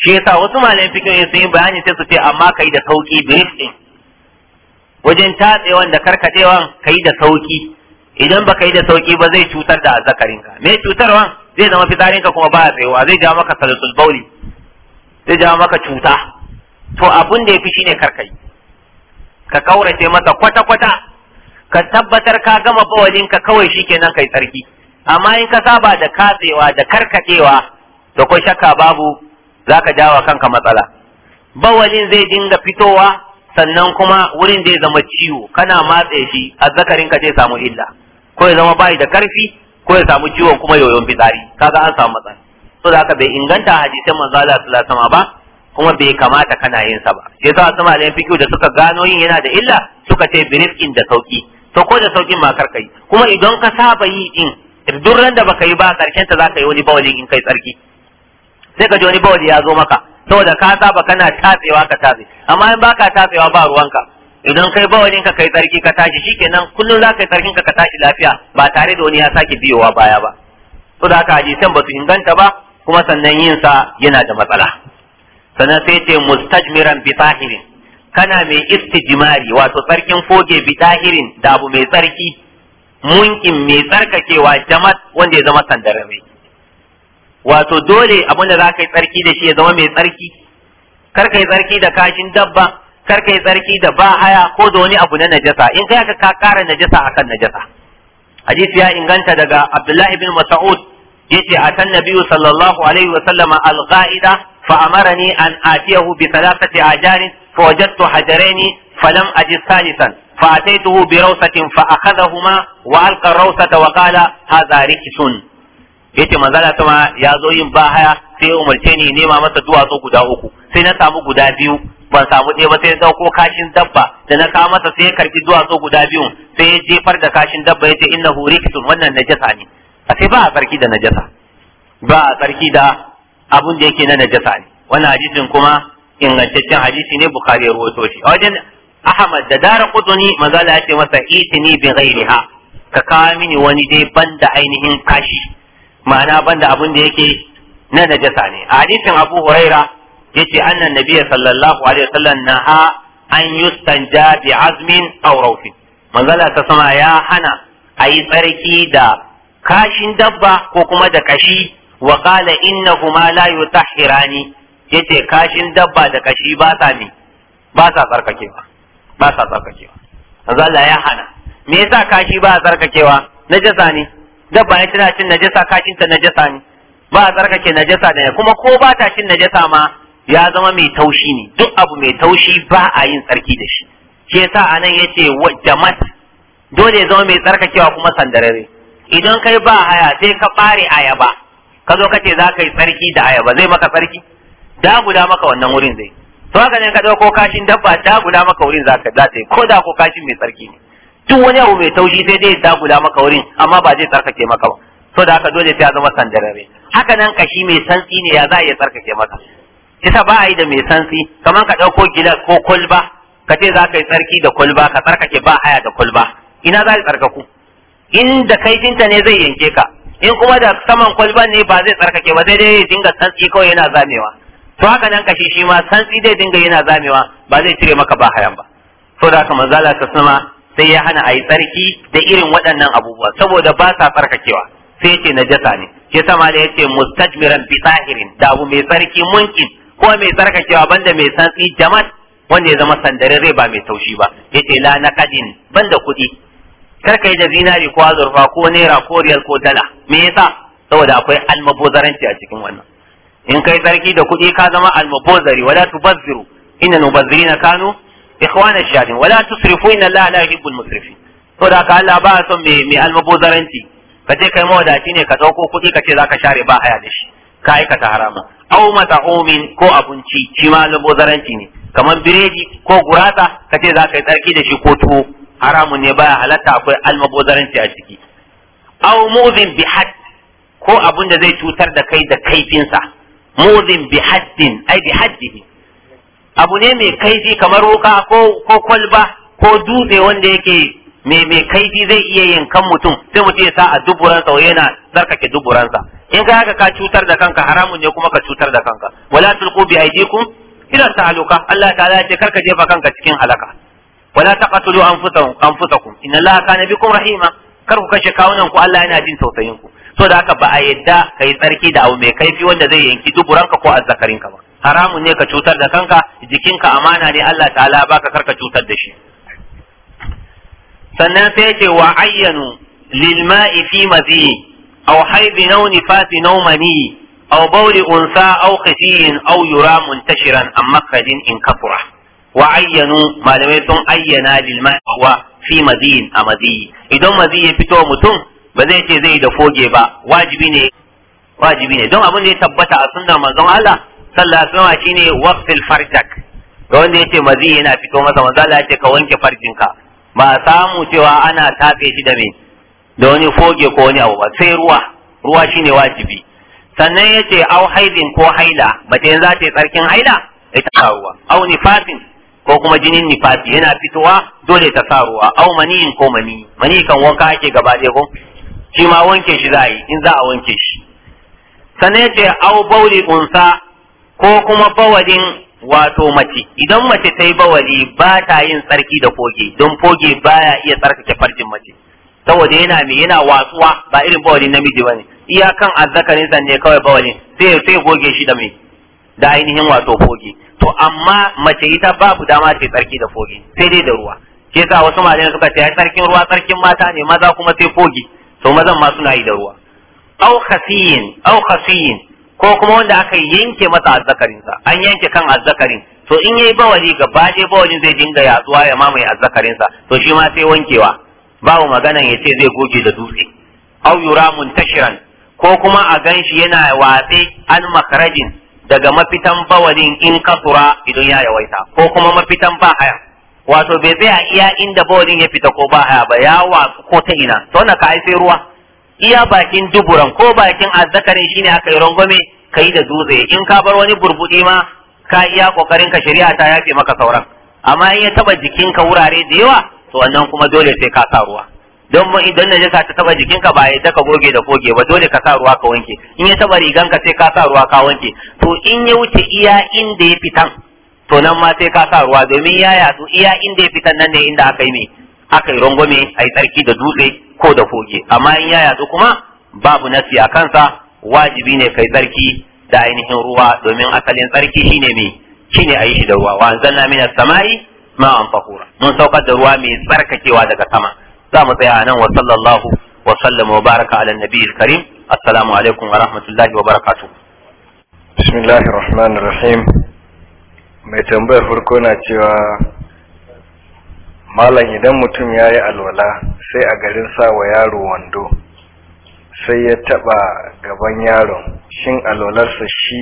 shi yasa wasu malayan fikin sun yi bayani sai su ce amma ka yi da sauki brief din wajen tatsewan da karkacewan yi da sauki idan baka yi da sauki ba zai cutar da ka. me cutar cutarwan zai zama ka kuma ba tsayuwa zai jawo maka salatul bauli zai jawo maka cuta to abun da ya shi shine karkai ka kaurace masa kwata kwata ka tabbatar ka gama bawalin ka kawai shikenan kai tsarki amma in ka saba da katsewa da karkacewa da ko shakka babu ka jawa kanka matsala bawalin zai dinga fitowa sannan kuma wurin da ya zama ciwo kana matse shi azzakarin ka zai samu illa ko ya zama bai da karfi ko ya samu ciwon kuma yoyon fitsari kaga an samu matsala so da aka bai inganta hadisin manzo Allah sallallahu alaihi ba kuma bai kamata kana yin sa ba sai sa asma malamin fiqh da suka gano yin yana da illa suka ce birifin da sauki to ko da saukin ma kar kai kuma idan ka saba yi din duk da baka yi ba karshen ta zaka yi wani bawali in kai tsarki sai ka ji wani bawali ya zo maka saboda ka saba kana tatsewa ka tatse amma in baka tatsewa ba ruwanka idan kai bawalin ka kai tsarki ka tashi shikenan kullum za yi tsarkin ka ka tashi lafiya ba tare da wani ya sake biyowa baya ba saboda da haka hadisan ba su inganta ba kuma sannan yin sa yana da matsala sannan sai ce mustajmiran bi tahirin kana mai istijmari wato tsarkin foge bi tahirin da abu mai tsarki munkin mai tsarkakewa jamat wanda ya zama sandarare wato dole abin da za ka yi tsarki da shi ya zama mai tsarki kar ka yi tsarki da kashin dabba kar ka yi tsarki da ba haya ko da wani abu na najasa in kai ka kara najasa akan najasa hadisi ya inganta daga abdullahi bin mas'ud yace atan nabiyyu sallallahu alaihi wa sallama al-qa'ida فأمرني أن آتيه بثلاثة أحجار فوجدت حجرين فلم أجد ثالثا فأتيته بروسة فأخذهما وألقى الروسة وقال هذا ركس yace manzala sama ya zo yin bahaya sai umarce ni nema masa duwatsu guda uku sai na samu guda biyu ban samu ɗaya ba sai ko kashin dabba da na kawo masa sai ya karbi duwatsu guda biyu sai ya jefar da kashin dabba ya yace innahu riksun wannan najasa ne a sai ba a tsarki da najasa ba a tsarki da abun da yake na najasa ne wannan hadisin kuma ingantaccen hadisi ne bukhari ya rawaito shi a wajen ahmad da dara kuduni mazala ya ce masa itini bi ghairiha ka kawo mini wani dai banda ainihin kashi ma'ana banda abun da yake na najasa ne a hadisin abu huraira yace annan nabiyya sallallahu alaihi wasallam ha an yustanja bi azmin aw rawfin manzala ta sama ya hana a yi tsarki da kashin dabba ko kuma da kashi wa qala innahuma la yutahhirani yace kashin dabba da kashi ba sa ne ba sa tsarkakewa ba sa tsarkakewa manzo Allah ya hana me yasa kashi ba a tsarkakewa najasa ne dabba ne tana cin najasa kashin ta najasa ne ba a tsarkake najasa da kuma ko ba ta cin najasa ma ya zama mai taushi ne duk abu mai taushi ba a yin tsarki da shi shi yasa anan yace wa jamat dole ya zama mai tsarkakewa kuma sandarare idan kai ba haya sai ka bare ayaba ka zo kace za ka yi sarki da ayaba zai maka sarki guda maka wannan wurin zai to haka ne ka dauko kashin dabba da guda maka wurin za ka zai ko da ko kashin mai sarki ne duk wani abu mai taushi sai dai da guda maka wurin amma ba zai tsarkake maka ba to da haka dole sai ya zama sandarare haka nan kashi mai santsi ne ya za a iya tsarkake maka kisa ba a yi da mai santsi kamar ka dauko gida ko kolba ka ce za ka yi tsarki da kwalba ka tsarkake ba haya da kulba ina za ka tsarkaku inda kaifinta ne zai yanke ka in kuma da saman kwalban ne ba zai tsarkake ba sai dai ya dinga santsi kawai yana zamewa to haka nan kashi shi ma santsi dai dinga yana zamewa ba zai cire maka ba haram ba so da haka manzala ta sama sai ya hana ayi tsarki da irin waɗannan abubuwa saboda ba sa tsarkakewa sai yace jasa ne ke sama da yace mustajmiran bi da abu mai tsarki munkin ko mai tsarkakewa banda mai santsi jamat wanda ya zama rai ba mai taushi ba yace la naqadin banda kuɗi kar ka yi da zinari ko azurfa ko naira ko riyal ko dala me yasa saboda akwai almabozaranci a cikin wannan in kai sarki da kuɗi ka zama almabozari wala tubazziru inna mubazzirina kanu ikhwana shayatin wala tusrifu inna allaha la yuhibbul musrifin saboda ka Allah ba son me me almabozaranci ka je kai mawadaci ne ka dauko kuɗi ka ce zaka share ba haya da shi ka aikata harama au mata'umin ko abinci shi ma almabozaranci ne kamar biredi ko gurasa ka ce zaka yi tsarki da shi ko tuwo haramun ne baya halatta akwai almabozaranci a ciki aw mu'zin bi hadd ko abin da zai cutar da kai da kaifinsa mu'zin bi haddin ai bi haddihi abu ne mai kaifi kamar wuka ko ko kwalba ko dutse wanda yake mai mai kaifi zai iya yankan mutum sai mutum ya sa a duburan sa yana duburan sa in ka haka ka cutar da kanka haramun ne kuma ka cutar da kanka wala tulqu bi aidikum ila ta'aluka Allah ta'ala ya ce karka jefa kanka cikin halaka wala taqtulu anfusakum anfusakum inna allaha kana bikum rahima kar ku kashe kawunan ku Allah yana jin tausayin ku so da haka ba a yarda ka yi tsarki da abu mai kaifi wanda zai yanki duburanka ko azzakarinka ba haramun ne ka cutar da kanka jikinka amana ne Allah ta'ala baka ka cutar da shi sannan sai wa ayyanu lil ma'i fi mazi aw haidi naw nifasi naw mani aw bawli unsa aw qatiyin aw yura muntashiran amma kadin in kafura wa ayyanu malamai sun ayyana lil fi maziyin a maziyi idan maziyi ya fito mutum ba zai ce zai da foge ba wajibi ne wajibi ne don abin da ya tabbata a sunnar manzon Allah sallallahu alaihi wasallam shine waqtil farjak ga wanda yace maziyi yana fito masa manzon Allah yace ka wanke farjinka ba samu cewa ana tafe shi da me da wani foge ko wani abu ba sai ruwa ruwa shine wajibi sannan yace au haidin ko haila mace za ta yi tsarkin haila ita ruwa au nifasin ko kuma jinin nifasi yana fitowa dole ta sa ruwa au maniyin ko mani mani kan wanka ake gaba ɗaya ko shi ma wanke shi za a yi in za a wanke shi sannan ce au bauli unsa ko kuma bawalin wato mace idan mace ta yi bawali ba ta yin tsarki da foge don foge baya iya tsarkake farjin mace saboda yana me yana watsuwa ba irin bawalin namiji bane kan azzakarin ne kawai bawalin sai sai goge shi da me da ainihin wato foge to amma mace ita babu dama ta tsarki da fogi sai dai da ruwa ke sa wasu malamai suka ce tsarkin ruwa tsarkin mata ne maza kuma sai fogi to mazan ma suna yi da ruwa au khasiyin au khasiyin ko kuma wanda aka yanke masa azzakarin sa an yanke kan azzakarin to in yayi bawali ga ɗaya bawalin zai dinga yatsuwa ya mamaye azzakarin sa to shi ma sai wankewa babu maganan ya ce zai goge da dutse au yura muntashiran ko kuma a ganshi yana watsi al makarajin daga mafitan bawalin in kasura idan ya yawaita ko kuma mafitan ba haya wato bai tsaya iya inda bawalin ya fita ko ba haya ba ya wasu ko ta ina to na ka sai ruwa iya bakin duburan ko bakin azzakare shine aka yi rangwame kai da dutse in ka bar wani burbudi ma ka iya kokarin ka shari'a ta yafe maka sauran amma in ya taba jikin ka wurare da yawa to wannan kuma dole sai ka sa ruwa don mu idan najasa ta taba jikinka ba yadda ka goge da goge ba dole ka sa ruwa ka wanke in ya taba riganka sai ka sa ruwa ka wanke to in ya wuce iya inda ya fitan to nan ma sai ka sa ruwa domin ya yatsu iya inda ya fitan nan ne inda aka yi me aka yi rangwame a yi tsarki da dutse ko da goge amma in ya yatsu kuma babu nasi a kansa wajibi ne kai tsarki da ainihin ruwa domin asalin tsarki shine me shine a yi shi da ruwa wa zanna minas sama'i ma'an fakura mun saukar da ruwa mai tsarkakewa daga sama za mu tsaya a nan wa sallallahu wa sallama wa baraka ala nabiyil karim assalamu alaikum wa rahmatullahi wa barakatuh bismillahir rahmanir rahim mai tambayar farko na cewa malam idan mutum ya yi alwala sai a garin sa wa yaro wando sai ya taba gaban yaron shin alwalarsa shi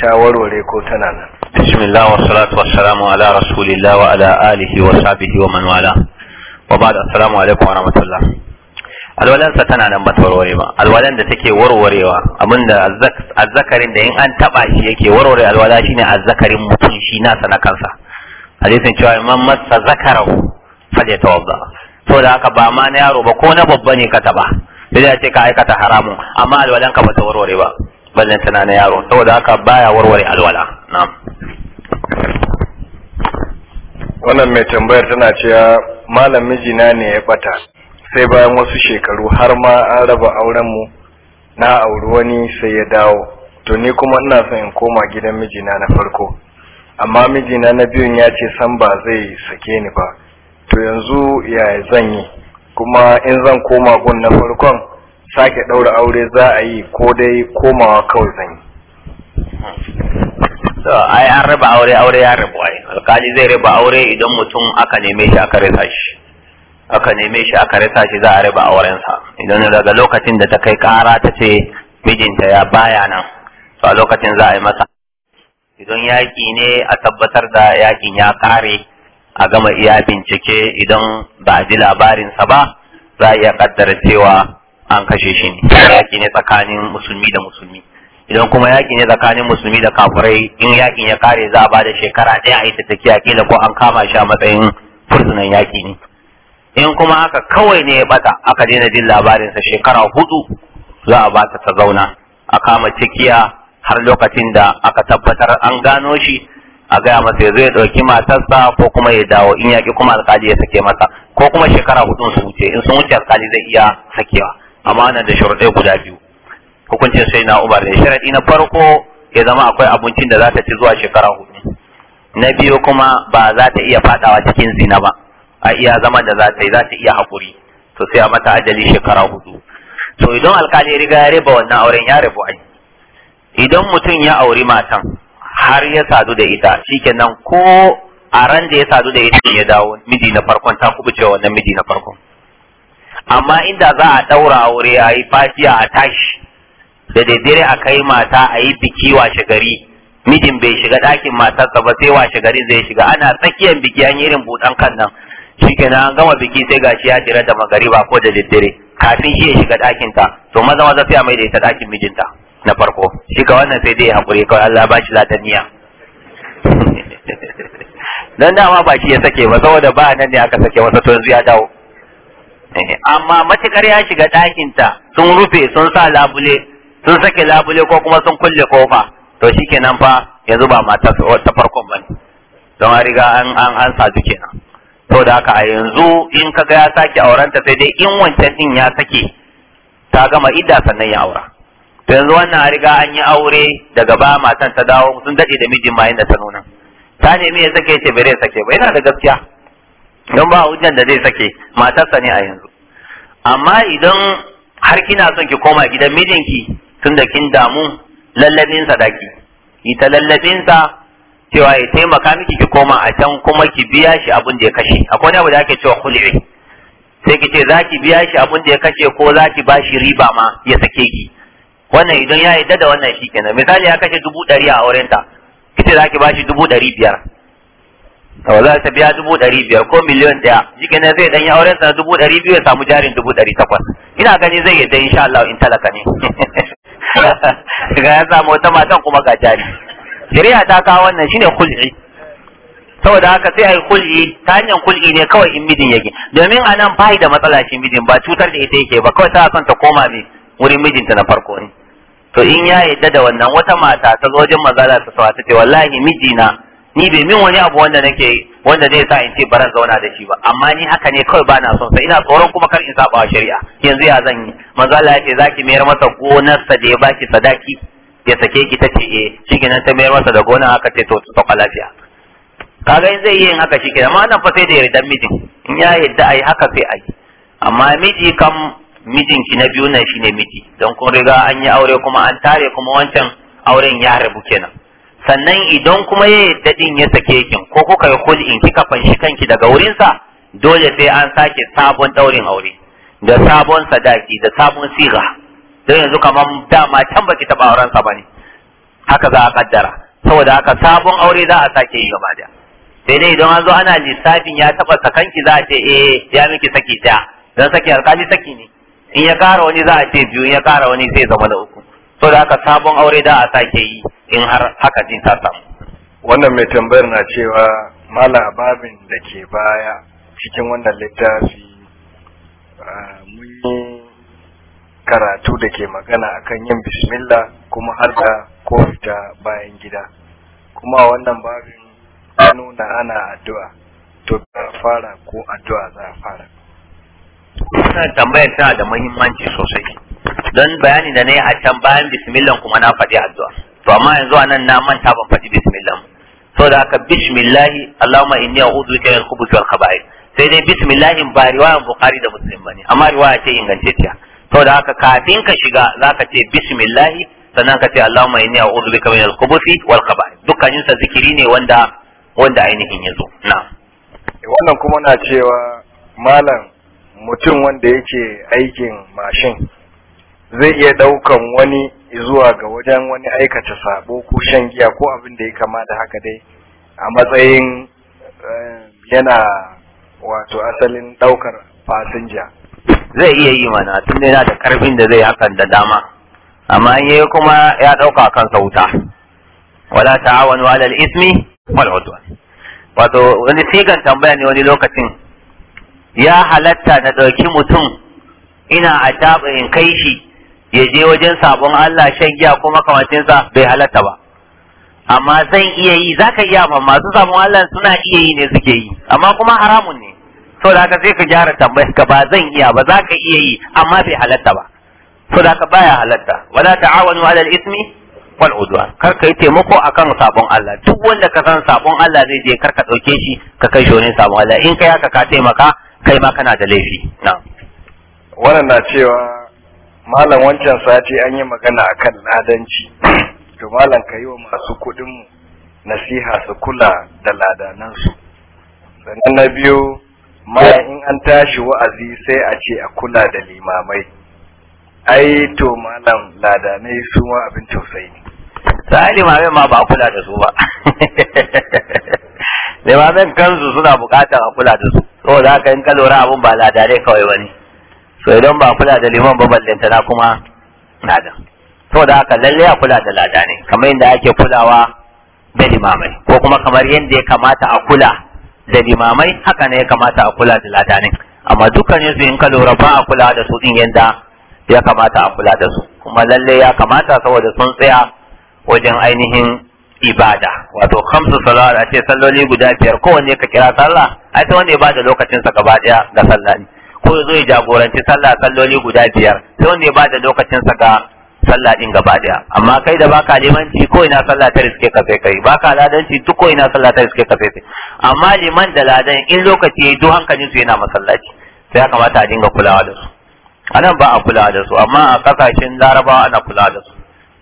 ta warware ko tana nan bismillah wa salatu wa salamu ala rasulillah wa ala alihi wa sahbihi wa man wala wa ba da assalamu alaikum wa rahmatullah alwalansa tana nan bata warware ba alwalan da take warwarewa abinda azzakarin da in an taba shi yake warware alwala shine azzakarin mutum shi nasa na kansa hadisin cewa zakarau massa ta wabba to da haka ba ma na yaro ba ko na babba ne ka taba sai ya ce ka aikata haramun amma alwalan ka ta warware ba ballan tana na yaro saboda haka baya warware alwala na'am wannan mai tambayar tana cewa malam mijina ne ya bata sai bayan wasu shekaru har ma an raba auren mu na auri wani sai ya dawo to ni kuma ina son in koma gidan mijina na farko amma mijina na biyun ya ce san ba zai sake ni ba to yanzu ya zan yi kuma in zan koma gun na farkon sake ɗaura aure za a yi ko dai komawa kawai zan yi so ai an raba aure aure ya rabu ai alkali zai raba aure idan mutum aka neme shi aka rasa shi aka neme shi aka rasa shi za a raba aurensa idan daga lokacin da ta kai kara ta ce mijinta ya baya nan to a lokacin za a yi masa idan yaƙi ne a tabbatar da yaƙin ya kare a gama iya bincike idan ba a ji labarinsa ba za a iya kaddara cewa an kashe shi ne yaƙi ne tsakanin musulmi da musulmi idan kuma yaƙi ne tsakanin musulmi da kafirai in yaƙin ya kare za a ba da shekara ɗaya a yi tafiya kila ko an kama shi a matsayin fursunan yaƙi ne in kuma haka kawai ne ya bata aka daina jin labarinsa shekara hudu za a ba ta ta zauna a kama cikiya har lokacin da aka tabbatar an gano shi a gaya masa ya ya ɗauki matarsa ko kuma ya dawo in yaƙi kuma alkali ya sake masa ko kuma shekara hudu su wuce in sun wuce alkali zai iya sakewa amma nan da sharuɗai guda biyu hukuncin sai na umar ne sharadi na farko ya zama akwai abincin da za ta ci zuwa shekara hudu na biyu kuma ba za ta iya fadawa cikin zina ba a iya zama da za ta yi za ta iya haƙuri to sai a mata ajali shekara hudu to idan alkali riga ya riba wannan auren ya rabu ai idan mutum ya auri matan har ya sadu da ita shikenan ko a ran da ya sadu da ita ya dawo miji na farkon ta kubuce wannan miji na farkon amma inda za a daura aure a yi a tashi da daidare a kai mata a yi biki washe gari mijin bai shiga ɗakin matarsa ba sai washe gari zai shiga ana tsakiyar biki an yi irin buɗan kan nan shikenan an gama biki sai gashi ya jira da magariba ko da daddare kafin shi ya shiga ɗakin ta to maza maza sai a mai da ita ɗakin mijinta na farko shi ka wannan sai dai ya haƙuri kawai Allah ba shi ladaniya *laughs* dan dama ba shi ya sake ba saboda ba nan ne aka sake wasa to yanzu ya dawo eh, eh. amma matukar ya shiga ɗakin ta sun rufe sun sa labule sun sake labule ko kuma sun kulle kofa to shi nan fa yanzu ba ma ta farkon ne. don a riga an an sadu kenan to da haka a yanzu in kaga ya sake ta sai dai in wancan din ya sake ta gama idda sannan ya aura to yanzu wannan a riga an yi aure daga ba matan ta dawo sun dade da mijin ma da ta nuna ta nemi ya sake ce bare sake ba yana da gaskiya don ba hujjan da zai sake matarsa ne a yanzu amma idan har kina son ki koma gidan mijinki tun da kin damu lallabin sadaki ita lallabin sa cewa ya taimaka miki ki koma a can kuma ki biya shi abin da ya kashe akwai wani abu da ake cewa khul'i sai ki ce za ki biya shi abin da ya kashe ko za ki ba shi riba ma ya sake ki wannan idan ya yi da wannan shi kenan misali ya kashe dubu ɗari a aurenta ki ce za ki ba shi dubu ɗari biyar to za ta biya dubu ɗari biyar ko miliyan ɗaya shi kenan zai ɗan yi aurensa na dubu ɗari biyu ya samu jarin dubu ɗari takwas ina gani zai yarda insha Allah in talaka ne *laughs* *laughs* ga ya samu wata matan kuma ga jari shari'a ta kawo wannan shine kul'i saboda haka sai ai kul'i ta hanyar kul'i ne kawai in mijin yake domin a nan bai da matsala shi mijin ba cutar da ita yake ba kawai ta son ta koma mai wurin mijinta na farko ne to in ya yadda da wannan wata mata ta zo wajen magana ta sawa ta ce wallahi mijina ni bai min wani abu wanda nake wanda zai sa in ce baran zauna da shi ba amma ni haka ne kawai bana son sa ina tsoron kuma kar in saba shari'a yanzu ya zan yi manzo Allah ya ce zaki mayar masa gonarsa da ya baki sadaki ya sake ki ta ce eh shikenan ta mayar masa da gonar haka ce to ta lafiya kaga in zai yi yin haka shikenan amma nan fa sai da yardan mijin in ya yarda ai haka sai ai amma miji kam mijinki na biyu nan shine miji don kun riga an yi aure kuma an tare kuma wancan auren ya rabu kenan sannan idan kuma ya yadda din ya sake kin ko kuka yi in kika fanshi kanki daga wurinsa dole sai an sake sabon daurin aure da sabon sadaki da sabon siga don yanzu kamar dama can baki taɓa auren sa ne haka za a kaddara saboda haka sabon aure za a sake yi gaba da sai dai idan an zo ana lissafin ya taɓa sakanki za a ce eh ya miki saki ta don saki alkali saki ne in ya ƙara wani za a ce biyu in ya ƙara wani sai zama da uku saboda haka sabon aure da a sake yi in har haka din ta samu wannan mai tambayar na cewa mala babin da ke baya cikin wannan littafi mun yi karatu da ke magana akan yin bismillah kuma har da ko fita bayan gida kuma wannan babin nuna ana addu'a to fara ko addu'a za a fara wannan tambayar tana da muhimmanci sosai don bayani da na yi a can bayan bismillah kuma na faɗi addu'a to amma yanzu anan na manta ban faɗi bismillah so da haka bismillah Allahumma inni a'udhu bika min al-khubuthi wal khaba'ith sai dai bismillah ba riwaya bukhari da muslim bane amma riwaya ce ingantacciya to da haka kafin ka shiga zaka ce bismillah sannan ka ce Allahumma inni a'udhu bika min al-khubuthi wal khaba'ith dukkanin sa zikiri ne wanda wanda ainihin yazo na'am eh, wannan kuma na cewa malam mutum wanda yake aikin mashin zai iya daukan wani zuwa ga wajen wani aikata sabo ko shan giya ko abin da ya kama da haka dai a matsayin eh, yana wato asalin daukar fasinja zai iya yi mana tun da yana da karfin da zai hakan da dama amma in yi kuma ya dauka kansa wuta wala ta'awanu wala al-ithmi wal 'udwan wato wani sigan tambaya ne wani lokacin ya halatta na dauki mutum ina a in kai shi ya je wajen sabon Allah shan giya ko makamancinsa bai halatta ba amma zan iya yi za ka iya ma masu sabon Allah suna iya yi ne suke yi amma kuma haramun ne So da haka sai ka gyara tambayar ka ba zan iya ba za ka iya yi amma bai halatta ba So da haka baya halatta wala ta'awanu 'alal ismi wal udwan kar ka yi taimako akan sabon Allah duk wanda ka san sabon Allah zai je kar ka dauke shi ka kai shi wani sabon Allah in kai haka ka taimaka kai ma kana da laifi na wannan na cewa malam wancan sati an yi magana akan ladanci to malam ka yi wa masu kuɗinmu nasiha su kula da ladanansu sannan na biyu malam in an tashi wa'azi sai a ce a kula da limamai ai to malam ladanai su ma abin tausayi ne sai limamai ma ba a kula da su ba *laughs* limamin kansu suna bukatar a kula da su saboda haka in ka lura abun ba ladanai kawai ne? so idan ba kula da liman ba kuma na kuma ladan da haka lalle a kula da lada ne kamar yadda ake kulawa da limamai ko kuma kamar yadda ya kamata a kula da limamai haka ne ya kamata a kula da lada ne amma dukkanin su in ka lura ba a kula da su din yadda ya kamata a kula da su kuma lalle ya kamata saboda sun tsaya wajen ainihin ibada wato khamsu salawat a ce salloli guda biyar kowanne ka kira sallah ai ta wanda ya bada lokacin sa gaba daya ga sallah ne ko ya zo ya jagoranci sallah salloli guda biyar sai wanda ya bada sa ga sallah din gaba daya amma kai da baka limanci ko ina sallah ta riske ka sai kai baka ladanci duk ko ina sallah ta riske ka sai kai amma liman da ladan in lokaci yayi duk hankalin su yana masallaci sai ya kamata a dinga kulawa da su anan ba a kulawa da su amma a kasashen larabawa ana kulawa da su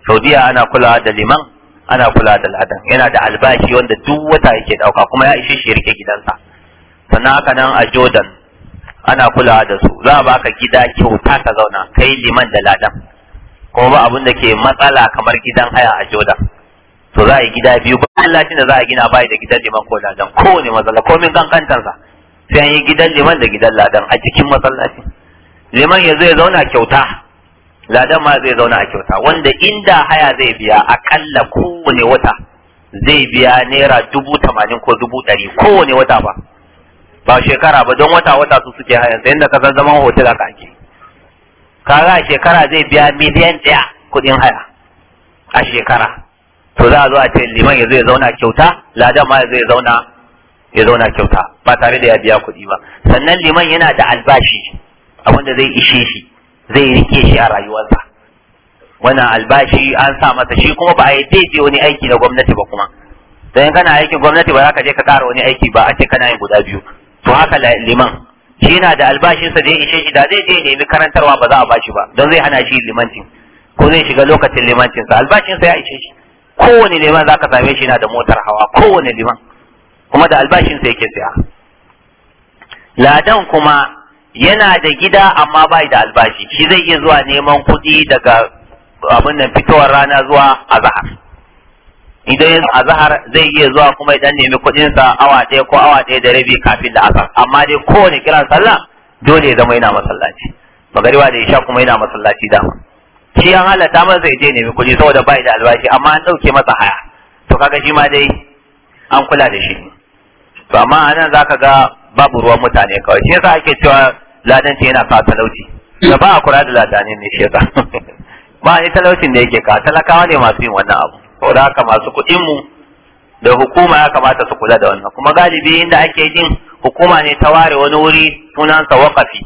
saudiya ana kulawa da liman ana kulawa da ladan yana da albashi wanda duk wata yake dauka kuma ya ishe shi rike gidansa sannan haka nan a jordan ana kulawa da su za a baka gida kyauta ka zauna kai liman da ladan kuma ba abin da ke matsala kamar gidan haya a joda to za a yi gida biyu ba lafin da za a gina bai da gidan liman ko ladan kowane matsala komin kankantansa sai an yi gidan liman da gidan ladan a cikin masallaci liman ya zai zauna kyauta ladan ma zai zauna a kyauta wanda inda haya zai biya akalla kowane wata zai biya naira dubu tamanin ko dubu ɗari kowane wata ba ba shekara ba don wata wata su suke hayan sai inda ka san zaman hotel aka ake kaga shekara zai biya miliyan ɗaya kuɗin haya a shekara to za a zo a ce liman ya zo ya zauna kyauta ladan ma ya zo ya zauna ya zauna kyauta ba tare da ya biya kuɗi ba sannan liman yana da albashi abinda zai ishe shi zai rike shi a rayuwarsa wannan albashi an sa masa shi kuma ba a yi daidai wani aiki na gwamnati ba kuma don kana aikin gwamnati ba za ka je ka ƙara wani aiki ba a ce kana yin guda biyu to haka liman shi yana da albashinsa da ya ishe shi da zai je nemi karantarwa ba za a bashi ba don zai hana shi limancin ko zai shiga lokacin limancinsa albashinsa ya ishe shi kowane liman za ka same shi na da motar hawa kowane liman kuma da albashinsa yake siya ladan kuma yana da gida amma bai da albashi shi zai iya zuwa neman kuɗi daga abin nan fitowar rana zuwa azahar idan a zahar zai iya zuwa kuma idan nemi kuɗinsa awa ɗaya ko awa ɗaya da rabi kafin da asar amma dai kowane kiran sallah dole ya zama yana masallaci magariba da isha kuma yana masallaci dama shi an halatta masa zai je nemi kuɗi saboda bai da albashi amma an ɗauke masa haya to kaga shi ma dai an kula da shi to amma anan zaka ga babu ruwan mutane kawai shi yasa ake cewa ladanci yana sa talauci da ba a kura da ladanin ne shi yasa *laughs* ba ni talaucin da yake ka talakawa ne masu yin wannan abu saboda haka masu kuɗin mu da hukuma ya kamata su kula da wannan kuma galibi inda ake jin hukuma ne ta ware wani wuri sunansa wakafi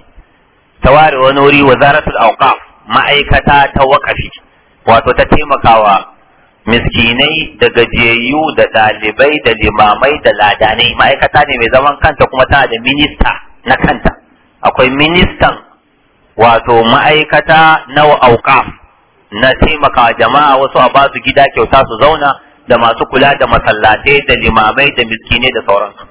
ta ware wani wuri wazaratul awqaf ma'aikata ta wakafi wato ta taimakawa miskinai da gajiyayyu da ɗalibai da limamai da ladanai ma'aikata ne mai zaman kanta kuma tana da minista na kanta akwai ministan wato ma'aikata na auqaf na taimaka jama'a wasu a basu gida kyauta su zauna da masu kula da masallatai da limamai da miskine da sauransu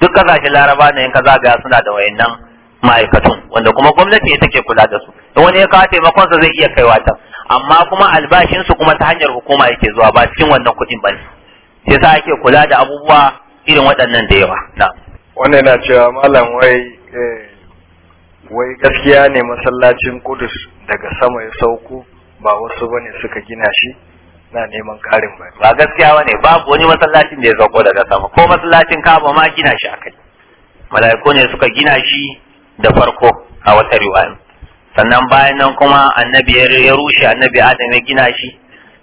duk kasashen laraba ne in ka zagaya suna da wayannan ma'aikatun wanda kuma gwamnati ita ke kula da su da wani ya kawo taimakon sa zai iya kaiwa ta amma kuma albashin su kuma ta hanyar hukuma yake zuwa ba cikin wannan kuɗin bane sai sa ake kula da abubuwa irin waɗannan da yawa na wannan yana cewa malam wai eh, wai gaskiya ne masallacin kudus daga sama ya sauko ba wasu bane suka gina shi na neman karin ba ba gaskiya bane babu wani masallacin da ya sauko daga sama ko masallacin kaba ma gina shi akai mala'iku ne suka gina shi da farko a wata riwaya sannan bayan nan kuma annabi ya rushe annabi adam ya gina shi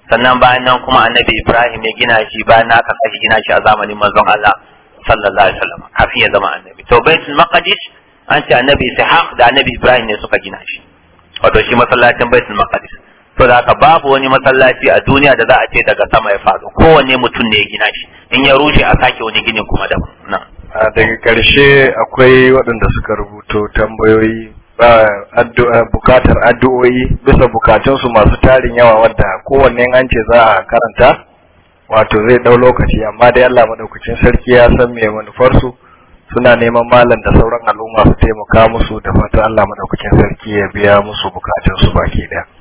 sannan bayan nan kuma annabi ibrahim ya gina shi bayan na kasa gina shi a zamanin manzon Allah sallallahu alaihi wasallam kafin ya zama annabi to baitul maqdis an ce annabi ishaq da annabi ibrahim ne suka gina shi wato shi masallacin baitul maqdis to da babu wani masallaci a duniya da za a ce daga sama ya faɗo kowanne mutum ne ya gina shi in ya rushe a sake wani ginin kuma da nan daga karshe akwai waɗanda suka rubuto tambayoyi bukatar addu'o'i bisa bukatunsu masu tarin yawa wadda kowanne an ce za a karanta wato zai ɗau lokaci amma dai Allah maɗaukacin sarki ya san me manufarsu suna neman malam da sauran al'umma su taimaka musu da fatan Allah maɗaukacin sarki ya biya musu bukatunsu baki ɗaya.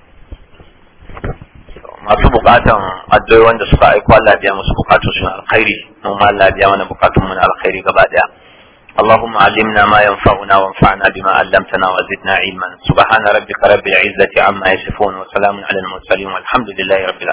masu bukatan addu'o'i wanda suka aiko Allah biya musu bukatun su alkhairi mu ma Allah biya mana bukatun mu na alkhairi gaba daya اللهم علمنا ما ينفعنا وانفعنا بما علمتنا وزدنا علما سبحان ربك رب العزة عما يصفون وسلام على المرسلين والحمد لله رب العالمين